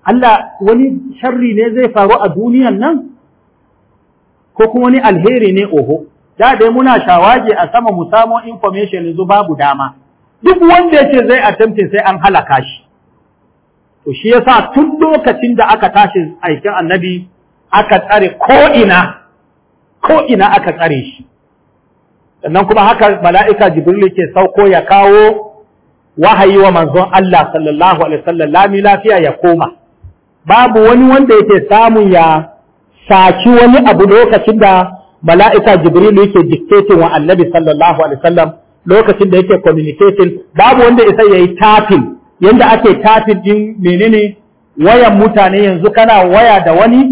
Allah wani sharri ne zai faru a duniyan nan ko kuma wani alheri ne oho da dai muna shawage a sama mu samo information yanzu babu dama duk wanda yake zai attempting sai an halaka shi to shi yasa tun lokacin da aka tashi aikin annabi aka tsare ko ina ko ina aka tsare shi sannan kuma haka mala'ika Jibrilu ke sauko ya kawo wahayi wa manzon Allah sallallahu alaihi lami lafiya ya koma babu wani wanda yake samun ya saki wani abu lokacin da mala'ika Jibrilu yake dictating wa annabi sallallahu alaihi lokacin da yake communicating babu wanda isa yayi tafin yanda ake tafin din menene wayan mutane yanzu kana waya da wani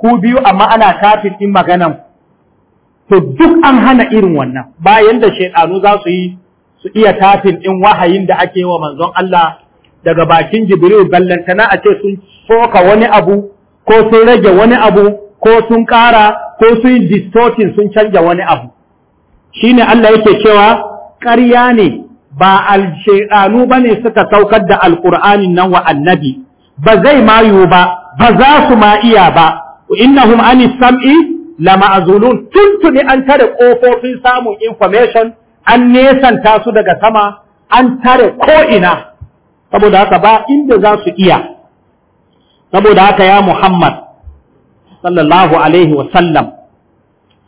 ku biyu amma ana tafin din maganan to duk an hana irin wannan bayan da shaidanu za su yi su iya tafin ɗin wahayin da ake wa manzon Allah daga bakin Jibril ballantana a ce sun soka wani abu ko sun rage wani abu ko sun ƙara ko sun distortin sun canja wani abu shine Allah yake cewa ƙarya ne ba ba bane suka saukar da alqur'anin nan wa annabi ba zai mayu ba ba za su ma iya ba innahum anis sam'i la tun tuntuni an tare kofofin samun information an nesanta su daga sama an tare ko'ina saboda haka ba inda za su iya saboda haka ya Muhammad sallallahu alaihi wasallam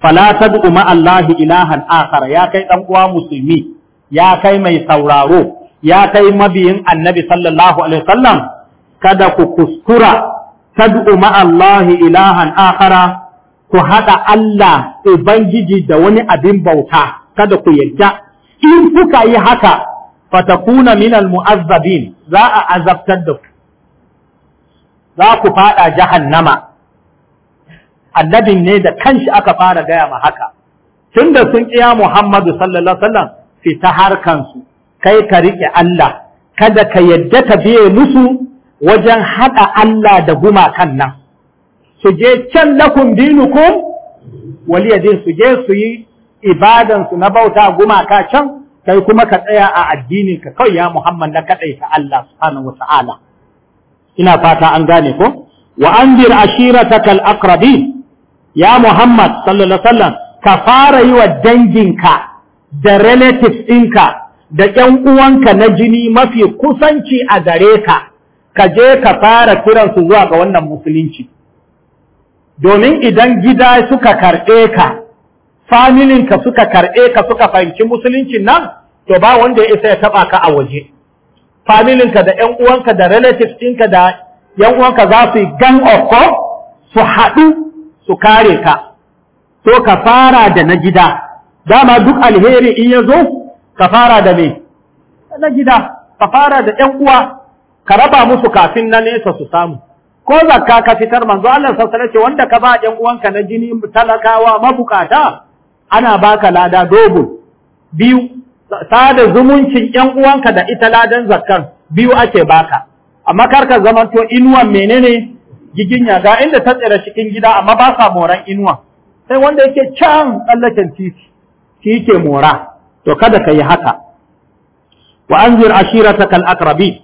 fala tad'u ma'allahi ilahan akhar ya kai dan uwa musulmi ya kai mai sauraro ya kai mabiyin annabi sallallahu alaihi wasallam kada ku kuskura tad'u ma'allahi ilahan akhara ku haɗa Allah Ubangiji da wani abin bauta, kada ku yarda. In kuka yi haka, fatakuna minal mu'azzabin za a azabtar da ku, za ku faɗa jahannama. Annabin ne da kanshi aka fara gaya ma haka, Tunda sun ƙiya Muhammadu sallallahu sallam fita harkansu, kai ka riƙe Allah, kada ka yadda ka biye musu wajen haɗa Allah da gumakan nan. su je can lakum dinukum waliyadin su je su yi ibadansu na bauta gumaka can kai kuma ka tsaya a addininka kawai ya Muhammad na kadai ta Allah subhanahu wata'ala ina fata an gane ko wa anzir ashiratakal aqrabin ya Muhammad sallallahu alaihi wasallam ka fara yi wa danginka da relatives ɗinka da ƴan uwanka na jini mafi kusanci a gare ka ka je ka fara kiransu zuwa ga wannan musulunci domin idan gida suka karɓe ka familinka suka karɓe ka suka fahimci musuluncin nan to ba wanda ya isa ya taɓa ka a waje familinka da ƴan uwanka da relatives ɗinka da ƴan uwanka za su yi gang of ko su haɗu su kare ka to ka fara da na gida dama duk alheri in ya zo ka fara da me na gida ka fara da ‘yan uwa ka raba musu kafin na nesa su samu ko zakka ka fitar manzo Allah sassare ce wanda ka ba ɗan uwanka na jini talakawa mabukata ana baka lada dogo biyu sada zumuncin ɗan uwanka da ita ladan zakkan biyu ake baka amma kar ka to inuwan menene giginya ga inda ta tsira cikin gida amma ba sa moran inuwa sai wanda yake can tsallaken titi shi yake mora to kada ka yi haka wa anzir ashirataka al-aqrabin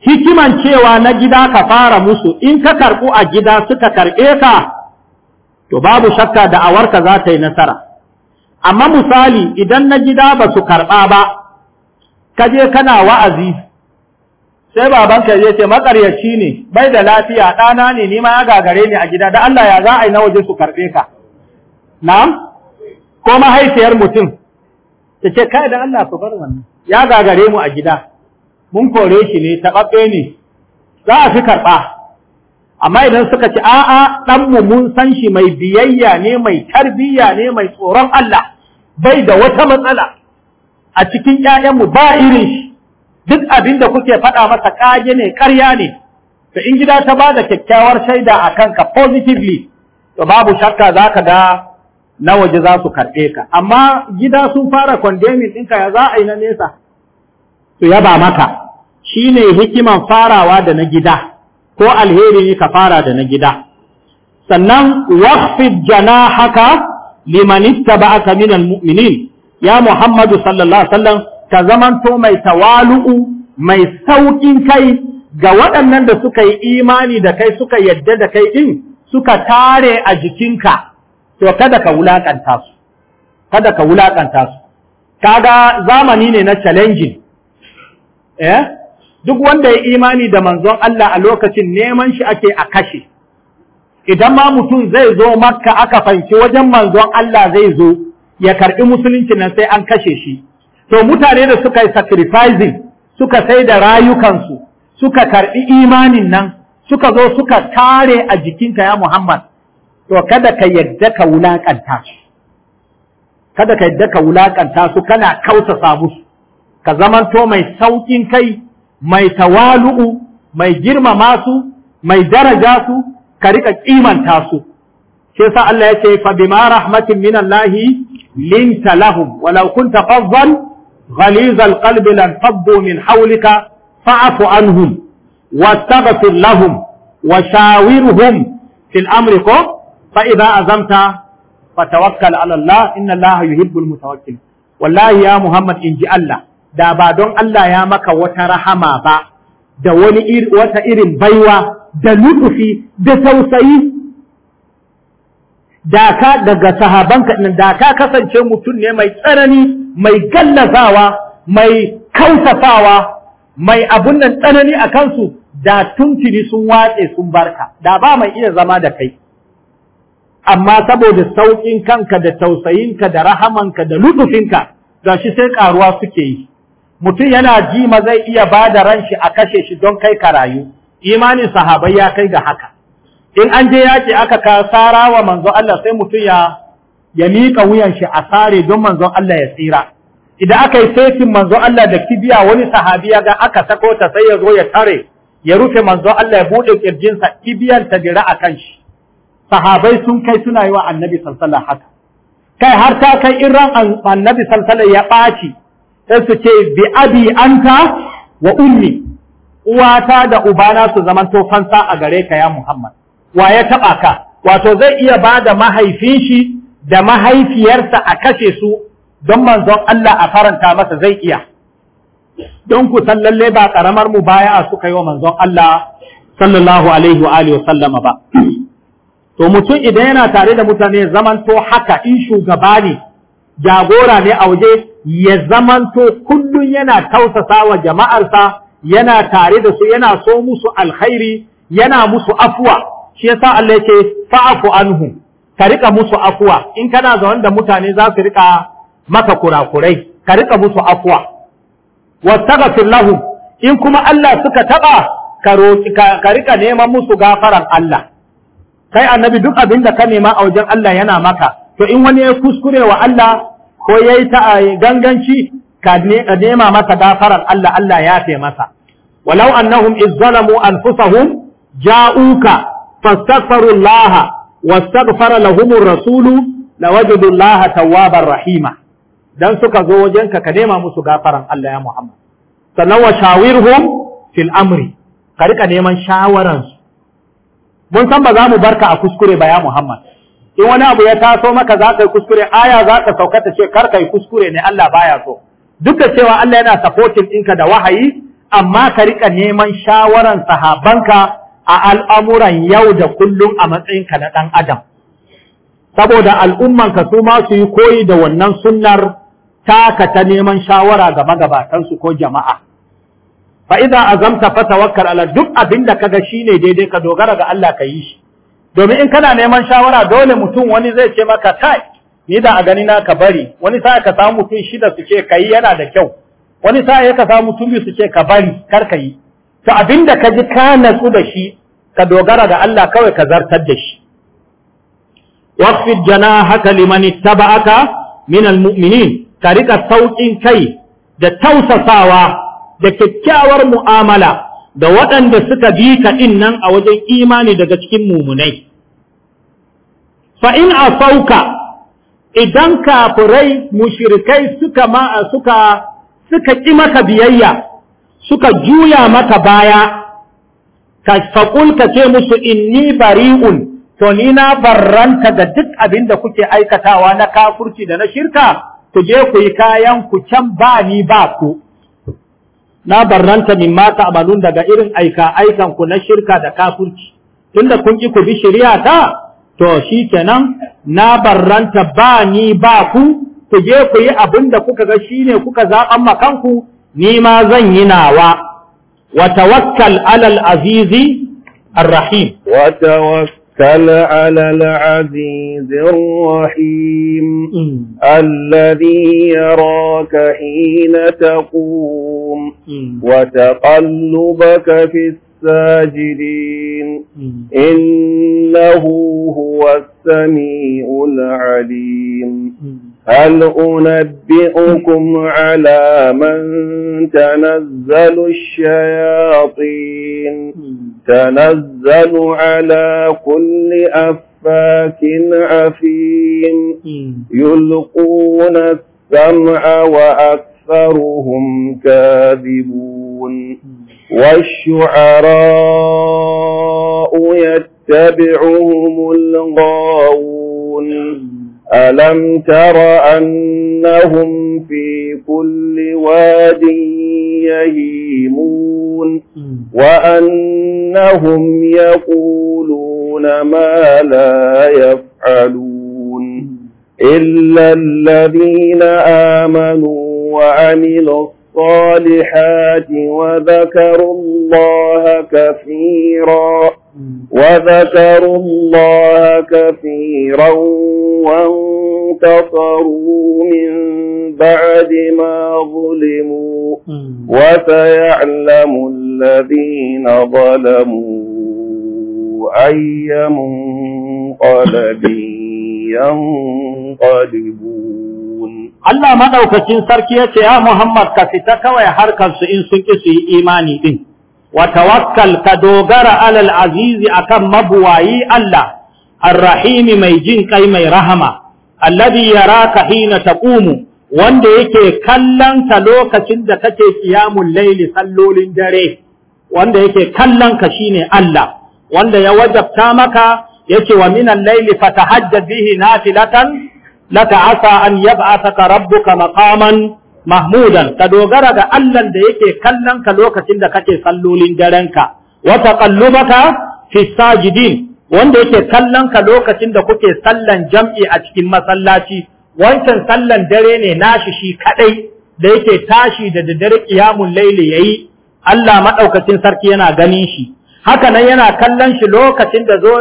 hikiman cewa na gida ka fara musu in ka karɓu a gida suka karɓe ka to babu shakka da da'awarka za ta yi nasara amma misali idan na gida ba su karɓa ba ka je kana wa'azi sai babanka je ce makaryaci ne bai da lafiya ɗana ne ni ma ya gagare ni a gida da Allah ya za a yi na waje su karɓe ka na'am ko mahaifiyar mutum ta ce kai da Allah su bar wannan ya gagare mu a gida mun kore shi ne taɓaɓɓe ne za a fi karɓa amma idan suka ci a'a ɗanmu mun san shi mai biyayya ne mai tarbiyya ne mai tsoron Allah bai da wata matsala a cikin ‘ya'yanmu ba irin shi duk abin da kuke faɗa masa ƙage ne karya ne da in gida ta ba da kyakkyawar shaida a kanka positively to babu shakka za ka ga na waje za su karɓe ka amma gida sun fara condemning ɗinka ya za a yi na nesa su yaba maka shine hikiman farawa da na gida ko alheri ne ka fara da na gida sannan waqfid janahaka liman ittaba'aka minal mu'minin ya Muhammadu sallallahu alaihi ka zamanto mai tawalu'u mai saukin kai ga waɗannan da suka yi imani da kai suka yadda da kai ɗin suka tare a jikinka, to kada ka wulaƙanta su, kada ka wulaƙanta su. Kaga zamani ne na challenging, eh duk wanda ya imani da manzon Allah a lokacin neman shi ake a kashe idan ma mutum zai zo makka aka fanci wajen manzon Allah zai zo ya karɓi musulunci nan sai an kashe shi to mutane da suka yi sacrificing suka sai da rayukansu suka karɓi imanin nan suka zo suka tare a jikinka ya Muhammad to kada ka yadda ka wulakanta kada ka yadda ka wulakanta su kana kausasa musu ka zamanto mai saukin kai mai tawalu'u mai girmama su mai daraja su ka rika kimanta su sai sa Allah ya ce fa bima rahmatin min Allah linta lahum law kunta alqalb lan faddan min hawlika fa'fu anhum حولك فاعف عنهم واستغفر لهم وشاورهم في الامر فاذا عزمت فتوكل على ala Allah inna Allah yuhibbul mutawakkil wallahi ya muhammad inji Allah da ba don Allah ya maka wata rahama ba da wani wata irin baiwa da lutufi da tausayi da ka daga sahabanka da ka kasance mutum ne mai tsanani mai gallazawa mai kausafawa mai abun nan tsanani a kansu da tuntuni sun watse sun barka da ba mai iya zama da kai amma saboda sauƙin kanka da tausayinka da rahamanka da lutufinka shi sai ƙaruwa suke yi mutum yana jima zai iya ba da shi a kashe shi don kai ka rayu imanin sahabai ya kai ga haka in an je yaƙi aka ka tsara wa manzon Allah sai mutum ya ya miƙa wuyan shi a sare don manzon Allah ya tsira idan aka yi saitin manzon Allah da kibiya wani sahabi ya ga aka sako ta sai ya zo ya tare ya rufe manzon Allah ya buɗe kirjinsa kibiyar ta dira a kan shi sahabai sun kai suna yi wa annabi sallallahu haka kai har ta kai in ran annabi sallallahu ya ɓaci sai su ce bi abi anta wa ummi uwata da ubana su zaman to fansa a gare ka ya Muhammad wa ya taba ka wato zai iya ba da mahaifin shi da mahaifiyarsa a kashe su don manzon Allah a faranta masa zai iya don ku san lalle ba karamar mu baya suka yi wa manzon Allah sallallahu alaihi wa alihi sallama ba to mutum idan yana tare da mutane zaman to haka in shugaba ne jagora ne a waje ya zamanto kullum yana tausasa wa jama'arsa yana tare da su yana so musu alkhairi yana musu afuwa shi yasa Allah yake fa'afu anhu ka rika musu afuwa in kana zaune da mutane za su rika maka kurakurai ka rika musu afuwa wastaghfir lahum in kuma Allah suka taba ka roki ka rika neman musu gafaran Allah kai annabi duk abin da ka nema a wajen Allah yana maka to in wani ya kuskure wa Allah ko yayi ta eh, ganganci ka nema masa gafarar Allah Allah ya fe masa walau annahum izzalamu anfusahum ja'uka fastaghfiru Allah wastaghfara lahum ar-rasul lawajadu Allah tawwabar rahima dan suka zo wajenka ka nema musu gafaran Allah ya Muhammad sannan wa shawirhum fil amri ka rika neman shawaran su mun san ba za mu barka a kuskure ba ya Muhammad in wani abu ya taso maka za ka yi kuskure aya za ka sauka ta ce kar ka yi kuskure ne Allah baya so duk da cewa Allah yana supporting ɗinka da wahayi amma ka rika neman shawaran sahabanka a al'amuran yau da kullum a matsayinka na ɗan adam saboda al'ummanka su ma su yi koyi da wannan sunnar taka ta neman shawara ga magabatansu ko jama'a fa idza azamta fatawakkal ala duk abinda kaga shine daidai ka dogara ga Allah ka yi shi domin in kana neman shawara dole mutum wani zai ce maka kai ni da a gani na ka bari wani sa'a ka samu mutum shida su ce kai yana da kyau wani sa'a ya ka samu mutum biyu su ce ka bari kar ka yi to abinda ka ji ka natsu da shi ka dogara ga Allah kawai ka zartar da shi waqfid janahaka liman ittaba'aka min almu'minin ka rika saukin kai da tausasawa da kyakkyawar mu'amala da waɗanda suka bi ka ɗin nan a wajen imani daga cikin mumunai. Fa'in a sauka, idan kafurai mushirikai suka ma'a suka ƙi maka biyayya, suka juya maka baya, ka faƙul ka ce musu inni bari'un, to ni na barranta da duk abin da kuke aikatawa na kafurci da na shirka, ku je ku yi kayan ku can ba ni ba ku. na barranta min ma ta'malun daga irin aika aikan ku na shirka da kafirci tunda kun ki ku bi shari'a ta to shikenan na barranta ba ni ba ku ku je ku yi abin da kuka ga shine kuka zaɓan kanku, ni ma zan yi nawa wa tawakkal alal azizi wa tawakkal توكل على العزيز الرحيم الذي يراك حين تقوم وتقلبك في الساجدين إنه هو السميع العليم هل أنبئكم على من تنزل الشياطين تنزل على كل أفاك عفيم يلقون السمع وأكثرهم كاذبون والشعراء يتبعهم الغاوون ألم تر أنهم في كل واد يهيمون وأنهم يقولون ما لا يفعلون إلا الذين آمنوا وعملوا الصالحات وذكروا الله كثيراً وذكروا الله كثيرا وانتصروا من بعد ما ظلموا وسيعلم الذين ظلموا أي منقلب ينقلبون الله ما دوكتين سركية يا محمد كفتك ويحركا سئين سنكسي إيماني إن wa tawakkal ka dogara alal azizi kan mabuwayi Allah arrahimi mai jin kai mai rahama alladhi yaraka hina taqumu wanda yake kallon ka lokacin da kake qiyamul laili sallolin dare wanda yake kallon ka shine Allah wanda ya wajabta maka yace wa minal laili fatahajjad bihi nafilatan laka asa an yab'athaka rabbuka maqaman mahmudan ka dogara ga Allah da yake kallon ka lokacin da kake sallolin darenka wa taqallubaka fi sajidin wanda yake kallon ka lokacin da kuke sallan jam'i a cikin masallaci wancan sallan dare ne nashi shi kadai da yake tashi da daddare qiyamul layli yayi Allah madaukakin sarki yana ganin shi haka nan yana kallon shi lokacin da zo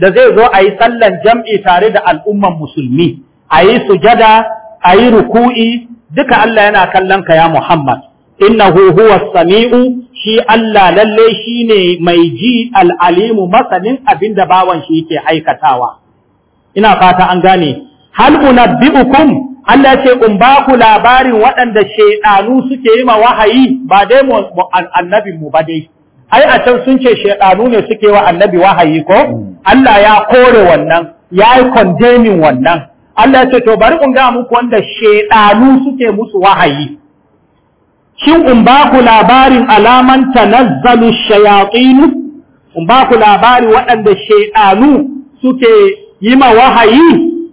da zai zo ayi sallan jam'i tare da al'umman musulmi ayi sujada ayi ruku'i duka Allah yana kallon ka ya Muhammad innahu huwa sami'u shi Allah lalle shine mai ji al'alimu masanin abin da bawan shi yake aikatawa ina fata an gane hal unabbi'ukum Allah ce in ba ku labarin waɗanda shaidanu suke yi ma wahayi ba dai annabin mu ba dai ai a can sun ce shaidanu ne suke wa annabi wahayi ko hmm. Allah ya kore wannan ya yi condemning wannan Allah ya ce to bari in ga muku wanda shedanu suke musu wahayi shin in ba ku labarin alaman tanazzalu shayatinu in ba ku labarin waɗanda shedanu suke yi ma wahayi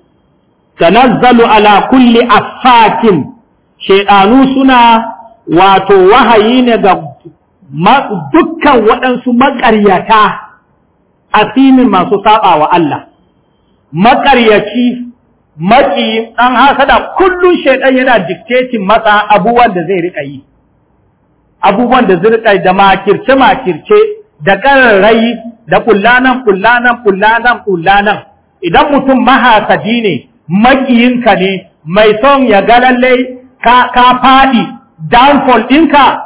tanazzalu ala kulli affakin shedanu suna wato wahayi ne ga dukkan waɗansu maƙaryata asimin masu saɓa wa Allah maƙaryaci maki ɗan hasada kullum shaidan yana dictating masa abubuwan da zai rika yi abubuwan da zai rika da makirce makirce da kararrai da kullanan kullanan kullanan kullanan idan mutum mahasadi ne makiyinka ne mai son ya ga lalle ka ka fadi downfall dinka,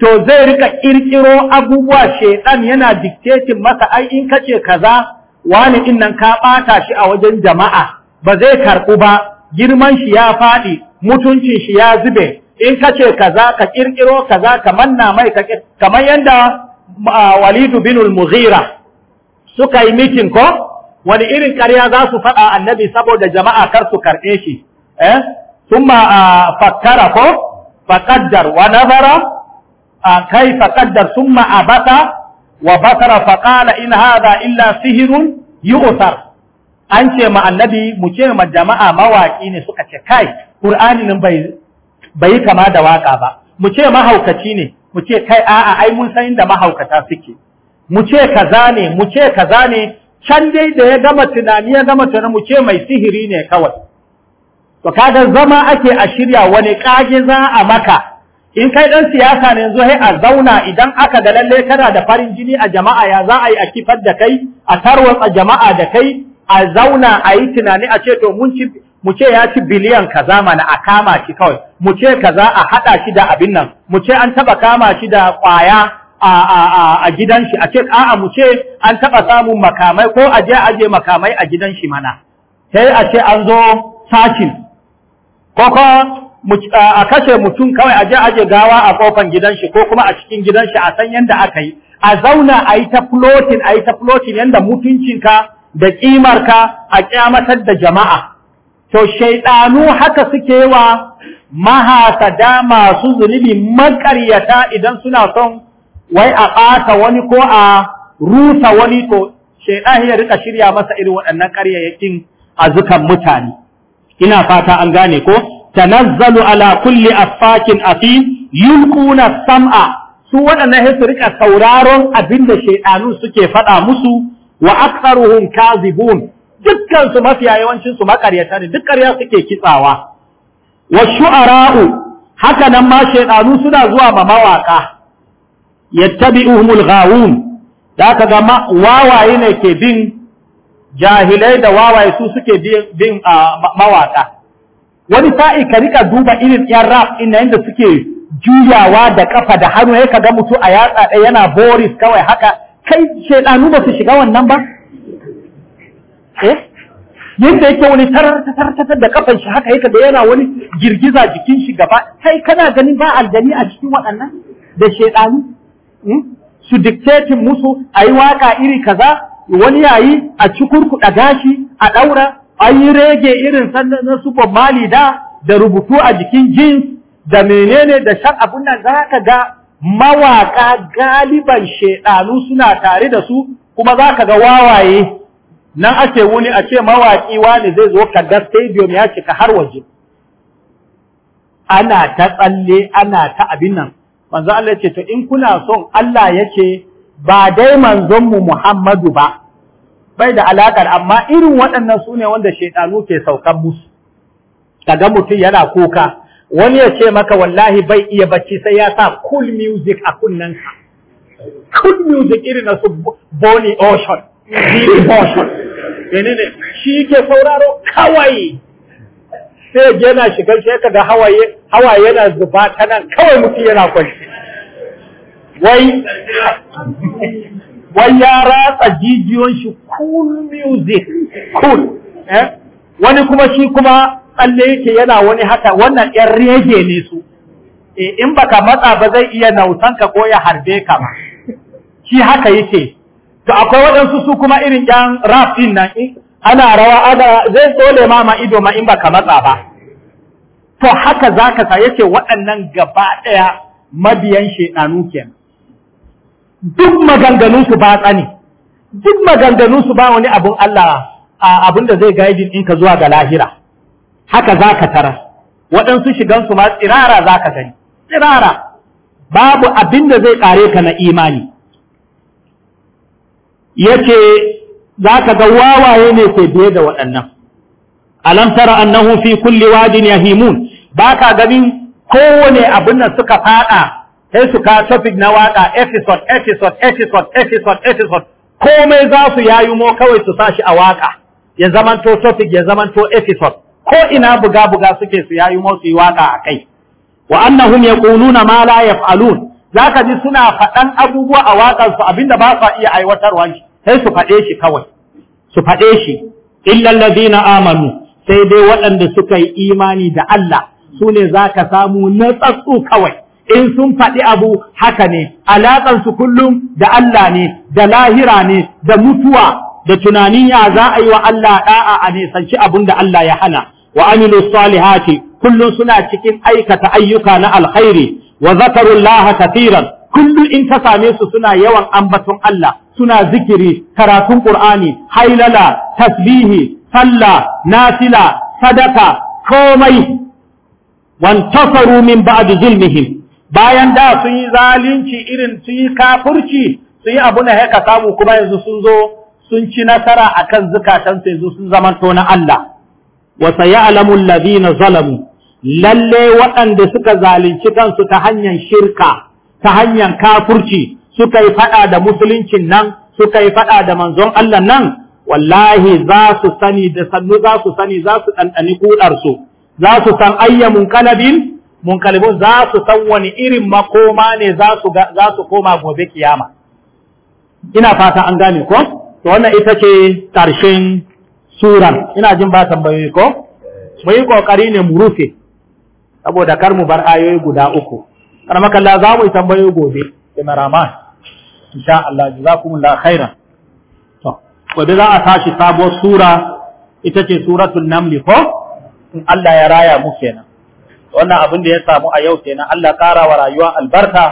to zai rika kirkiro abubuwa shaidan yana dictating masa ai in kace kaza wani din nan ka bata shi a wajen jama'a ba zai karɓu ba girman shi ya faɗi mutuncin shi ya zube in ka ce kaza ka ƙirƙiro kaza ka manna mai kamar yadda walidu binul mughira suka yi mitin ko wani irin ƙarya za su faɗa annabi saboda jama'a kar su karɓe shi eh summa fakkara ko faqaddar wa nazara كيف قدر ثم أبطى وبطر فقال إن هذا illa سهر يؤثر an ce ma annabi mu ce ma jama'a mawaki ne suka ce kai qur'ani nan bai bai kama da waka ba mu ce mahaukaci ne mu ce kai a'a ai mun san inda mahaukata suke mu ce kaza ne mu ce kaza ne can dai da ya gama tunani ya gama tunani mu ce mai sihiri ne kawai to kaga zama ake a shirya wani kage za a maka in kai dan siyasa ne yanzu sai a zauna idan aka ga lalle kana da farin jini a jama'a ya za a yi a kifar da kai a tarwatsa jama'a da kai a zauna a yi tunani a ce to mun ci mu ce ya ci biliyan kaza mana a kama shi kawai mu ce kaza a haɗa shi da abin nan mu ce an taɓa kama shi da kwaya a gidan shi a ce a'a mu ce an taɓa samun makamai ko a je aje makamai a gidan shi mana sai a ce an zo sashin ko ko a kashe mutum kawai aje je aje gawa a kofan gidan shi ko kuma a cikin gidan shi a san yanda aka yi a zauna a yi ta floating a yi ta floating yanda mutuncinka da ƙimarka a ƙyamatar da jama'a. To, shaiɗanu haka suke wa mahasada masu zunubi makaryata idan suna son wai a ɓata wani ko a rusa wani to, shaiɗan ya rika shirya masa irin waɗannan ƙaryayyakin a zukan mutane. Ina fata an gane ko? Tanazzalu ala kulli affakin afi yulkuna sam'a su waɗannan sai su rika sauraron abin da shaiɗanu suke faɗa musu wa aktharuhum kadhibun dukkan su mafiya yawancin su makaryata ne duk ƙarya suke kitsawa wa shu'ara'u haka nan ma shaydanu suna zuwa ma mawaka yattabi'uhumul ghawun da ka ga wawaye ne ke bin jahilai da wawaye su suke bin mawaka wani sa'i ka rika duba irin yan rap inda da suke juyawa da kafa da hannu ya ga mutu a yatsa ɗaya yana boris kawai haka kai shaidanu ba su shiga wannan ba Eh, yadda yake wani tarar da kafan shi haka yake da yana wani girgiza jikin shi gaba kai kana ganin ba aljani a cikin waɗannan da shaidanu hmm? su dictating musu a yi waka iri kaza wani yayi a cikurkuɗa gashi a ɗaura a yi rege irin na su mali da da rubutu a jikin jeans da menene da shan abun nan za ka ga Mawaka galiban shaiɗanu suna tare da su kuma za ka ga wawaye nan ake wuni a ce mawaki wani zai zo ka ga stadium ya cika har waje ana ta tsalle ana ta abin nan manzo Allah ya ce to in kuna son Allah ya ce ba dai manzon mu Muhammadu ba bai da alakar amma irin waɗannan sune wanda shaidanu ke saukar musu kaga mutum yana kuka wani ya ce maka wallahi bai iya bacci sai ya sa cool music a kunnensa cool music irin na su Bonnie Ocean Deep Ocean ne, shi ke sauraro kawai sai yana shigar shi, ka ga hawaye hawaye yana zuba ta nan kawai mutum yana kwanci wai wai ya ratsa jijiyon shi cool music cool eh wani kuma shi kuma tsalle yake yana wani haka wannan ‘yan rege ne su, eh, in baka matsa ba zai iya nausanka ko ya harbe ka ba, shi haka yake, to akwai waɗansu su kuma irin ‘yan rafin nan eh, ana rawa ana zai tsole ma ma ido ma in baka matsa ba. To haka za ka sa yake waɗannan gaba ɗaya mabiyan shaɗanu kenan. Duk maganganunsu ba tsani, duk maganganunsu ba wani abun Allah abin da zai gaidin ɗinka zuwa ga lahira. haka za ka tara waɗansu shigansu ma tsirara za ka gani tsirara babu abin da zai ƙare ka na imani yace za ka ga wawaye ne sai biye da waɗannan alam tara annahu fi kulli wadin yahimun ba ka gani kowane abin da suka faɗa sai su ka topic na waka episode episode episode episode episode komai za su yayi mo kawai su sashi a waka ya zamanto topic ya zamanto episode ko ina buga buga suke su yayi motsi waka kai wa annahum yaquluna ma la yaf'alun zaka ji suna faɗan abubuwa a waƙar su abinda ba sa iya aiwatarwa shi sai su faɗe shi kawai su faɗe shi illa alladhina amanu sai dai waɗanda suka yi imani da Allah su ne zaka samu natsatsu kawai in sun faɗi abu haka ne su kullum da Allah ne da lahira ne da mutuwa da tunanin ya za a yi wa Allah ɗa'a a nisanci abin da Allah ya hana wa aminu salihati kullum suna cikin aikata ayyuka na alkhairi wa zakaru Allah kathiran Kullum in ka same su suna yawan ambaton Allah suna zikiri karatun Qur'ani hailala tasbihi sallah nasila sadaka komai wantasaru min ba'di zulmihim bayan da sun yi zalunci irin sun yi kafurci, sun yi abu na haka samu kuma yanzu sun zo sun ci nasara akan zukatan su yanzu sun zamanto na Allah wa sayalamu alladhina zalamu lalle waɗanda suka zalunci kansu ta hanyar shirka ta hanyar kafurci suka yi faɗa da musuluncin nan suka yi faɗa da manzon Allah nan wallahi za su sani da sannu za su sani za su ɗanɗani kuɗarsu za su san ayya munkalabin za su san wani irin makoma ne za su za su koma gobe kiyama ina fata an gane ko to wannan ita ce ƙarshen suran ina jin ba tambayoyi ko mu yi kokari ne mu rufe saboda kar mu bar ayoyi guda uku kana makalla za mu yi tambayoyi gobe imaraman insha Allah jazakumullahu khairan to gobe za a tashi sabuwar sura ita ce suratul naml ko in Allah ya raya mu kenan wannan abin da ya samu a yau kenan Allah kara wa rayuwa albarka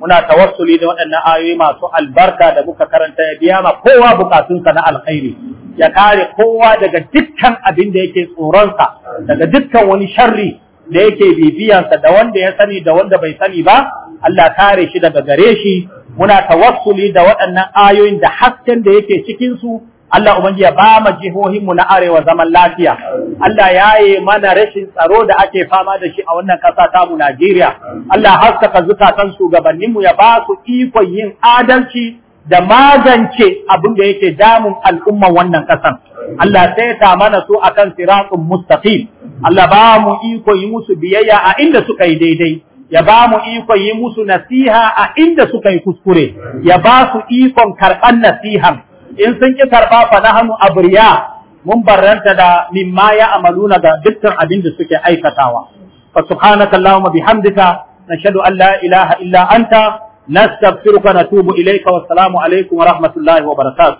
muna tawassuli da waɗannan ayoyi masu albarka da muka karanta ya biya ma kowa bukatunsa na alkhairi ya kare kowa daga dukkan abin da yake tsoronsa daga dukkan wani sharri da yake bibiyansa da wanda ya sani da wanda bai sani ba Allah kare shi daga gare shi muna tawassuli da waɗannan ayoyin da hasken da yake cikinsu. su Allah ubangi ya ba mu jihohinmu na arewa zaman lafiya Allah ya yi mana rashin tsaro da ake fama da shi a wannan ƙasa ta Najeriya Allah haskaka zukatan shugabannin mu ya ba su ikon yin adalci da magance abin da yake damun al'umman wannan ƙasan. Allah sai ta mana su akan siratun mustaqim. Allah ba mu iko yi musu biyayya a inda suka yi daidai, ya ba mu iko yi musu nasiha a inda suka yi kuskure, ya ba su ikon karɓan nasihan. In sun ƙi karɓa fa na hannu a burya, mun barranta da mimma ya amaluna ga dukkan abin da suke aikatawa. Fa subhanaka Allahumma bihamdika nashhadu an la ilaha illa anta نستغفرك ونتوب إليك والسلام عليكم ورحمة الله وبركاته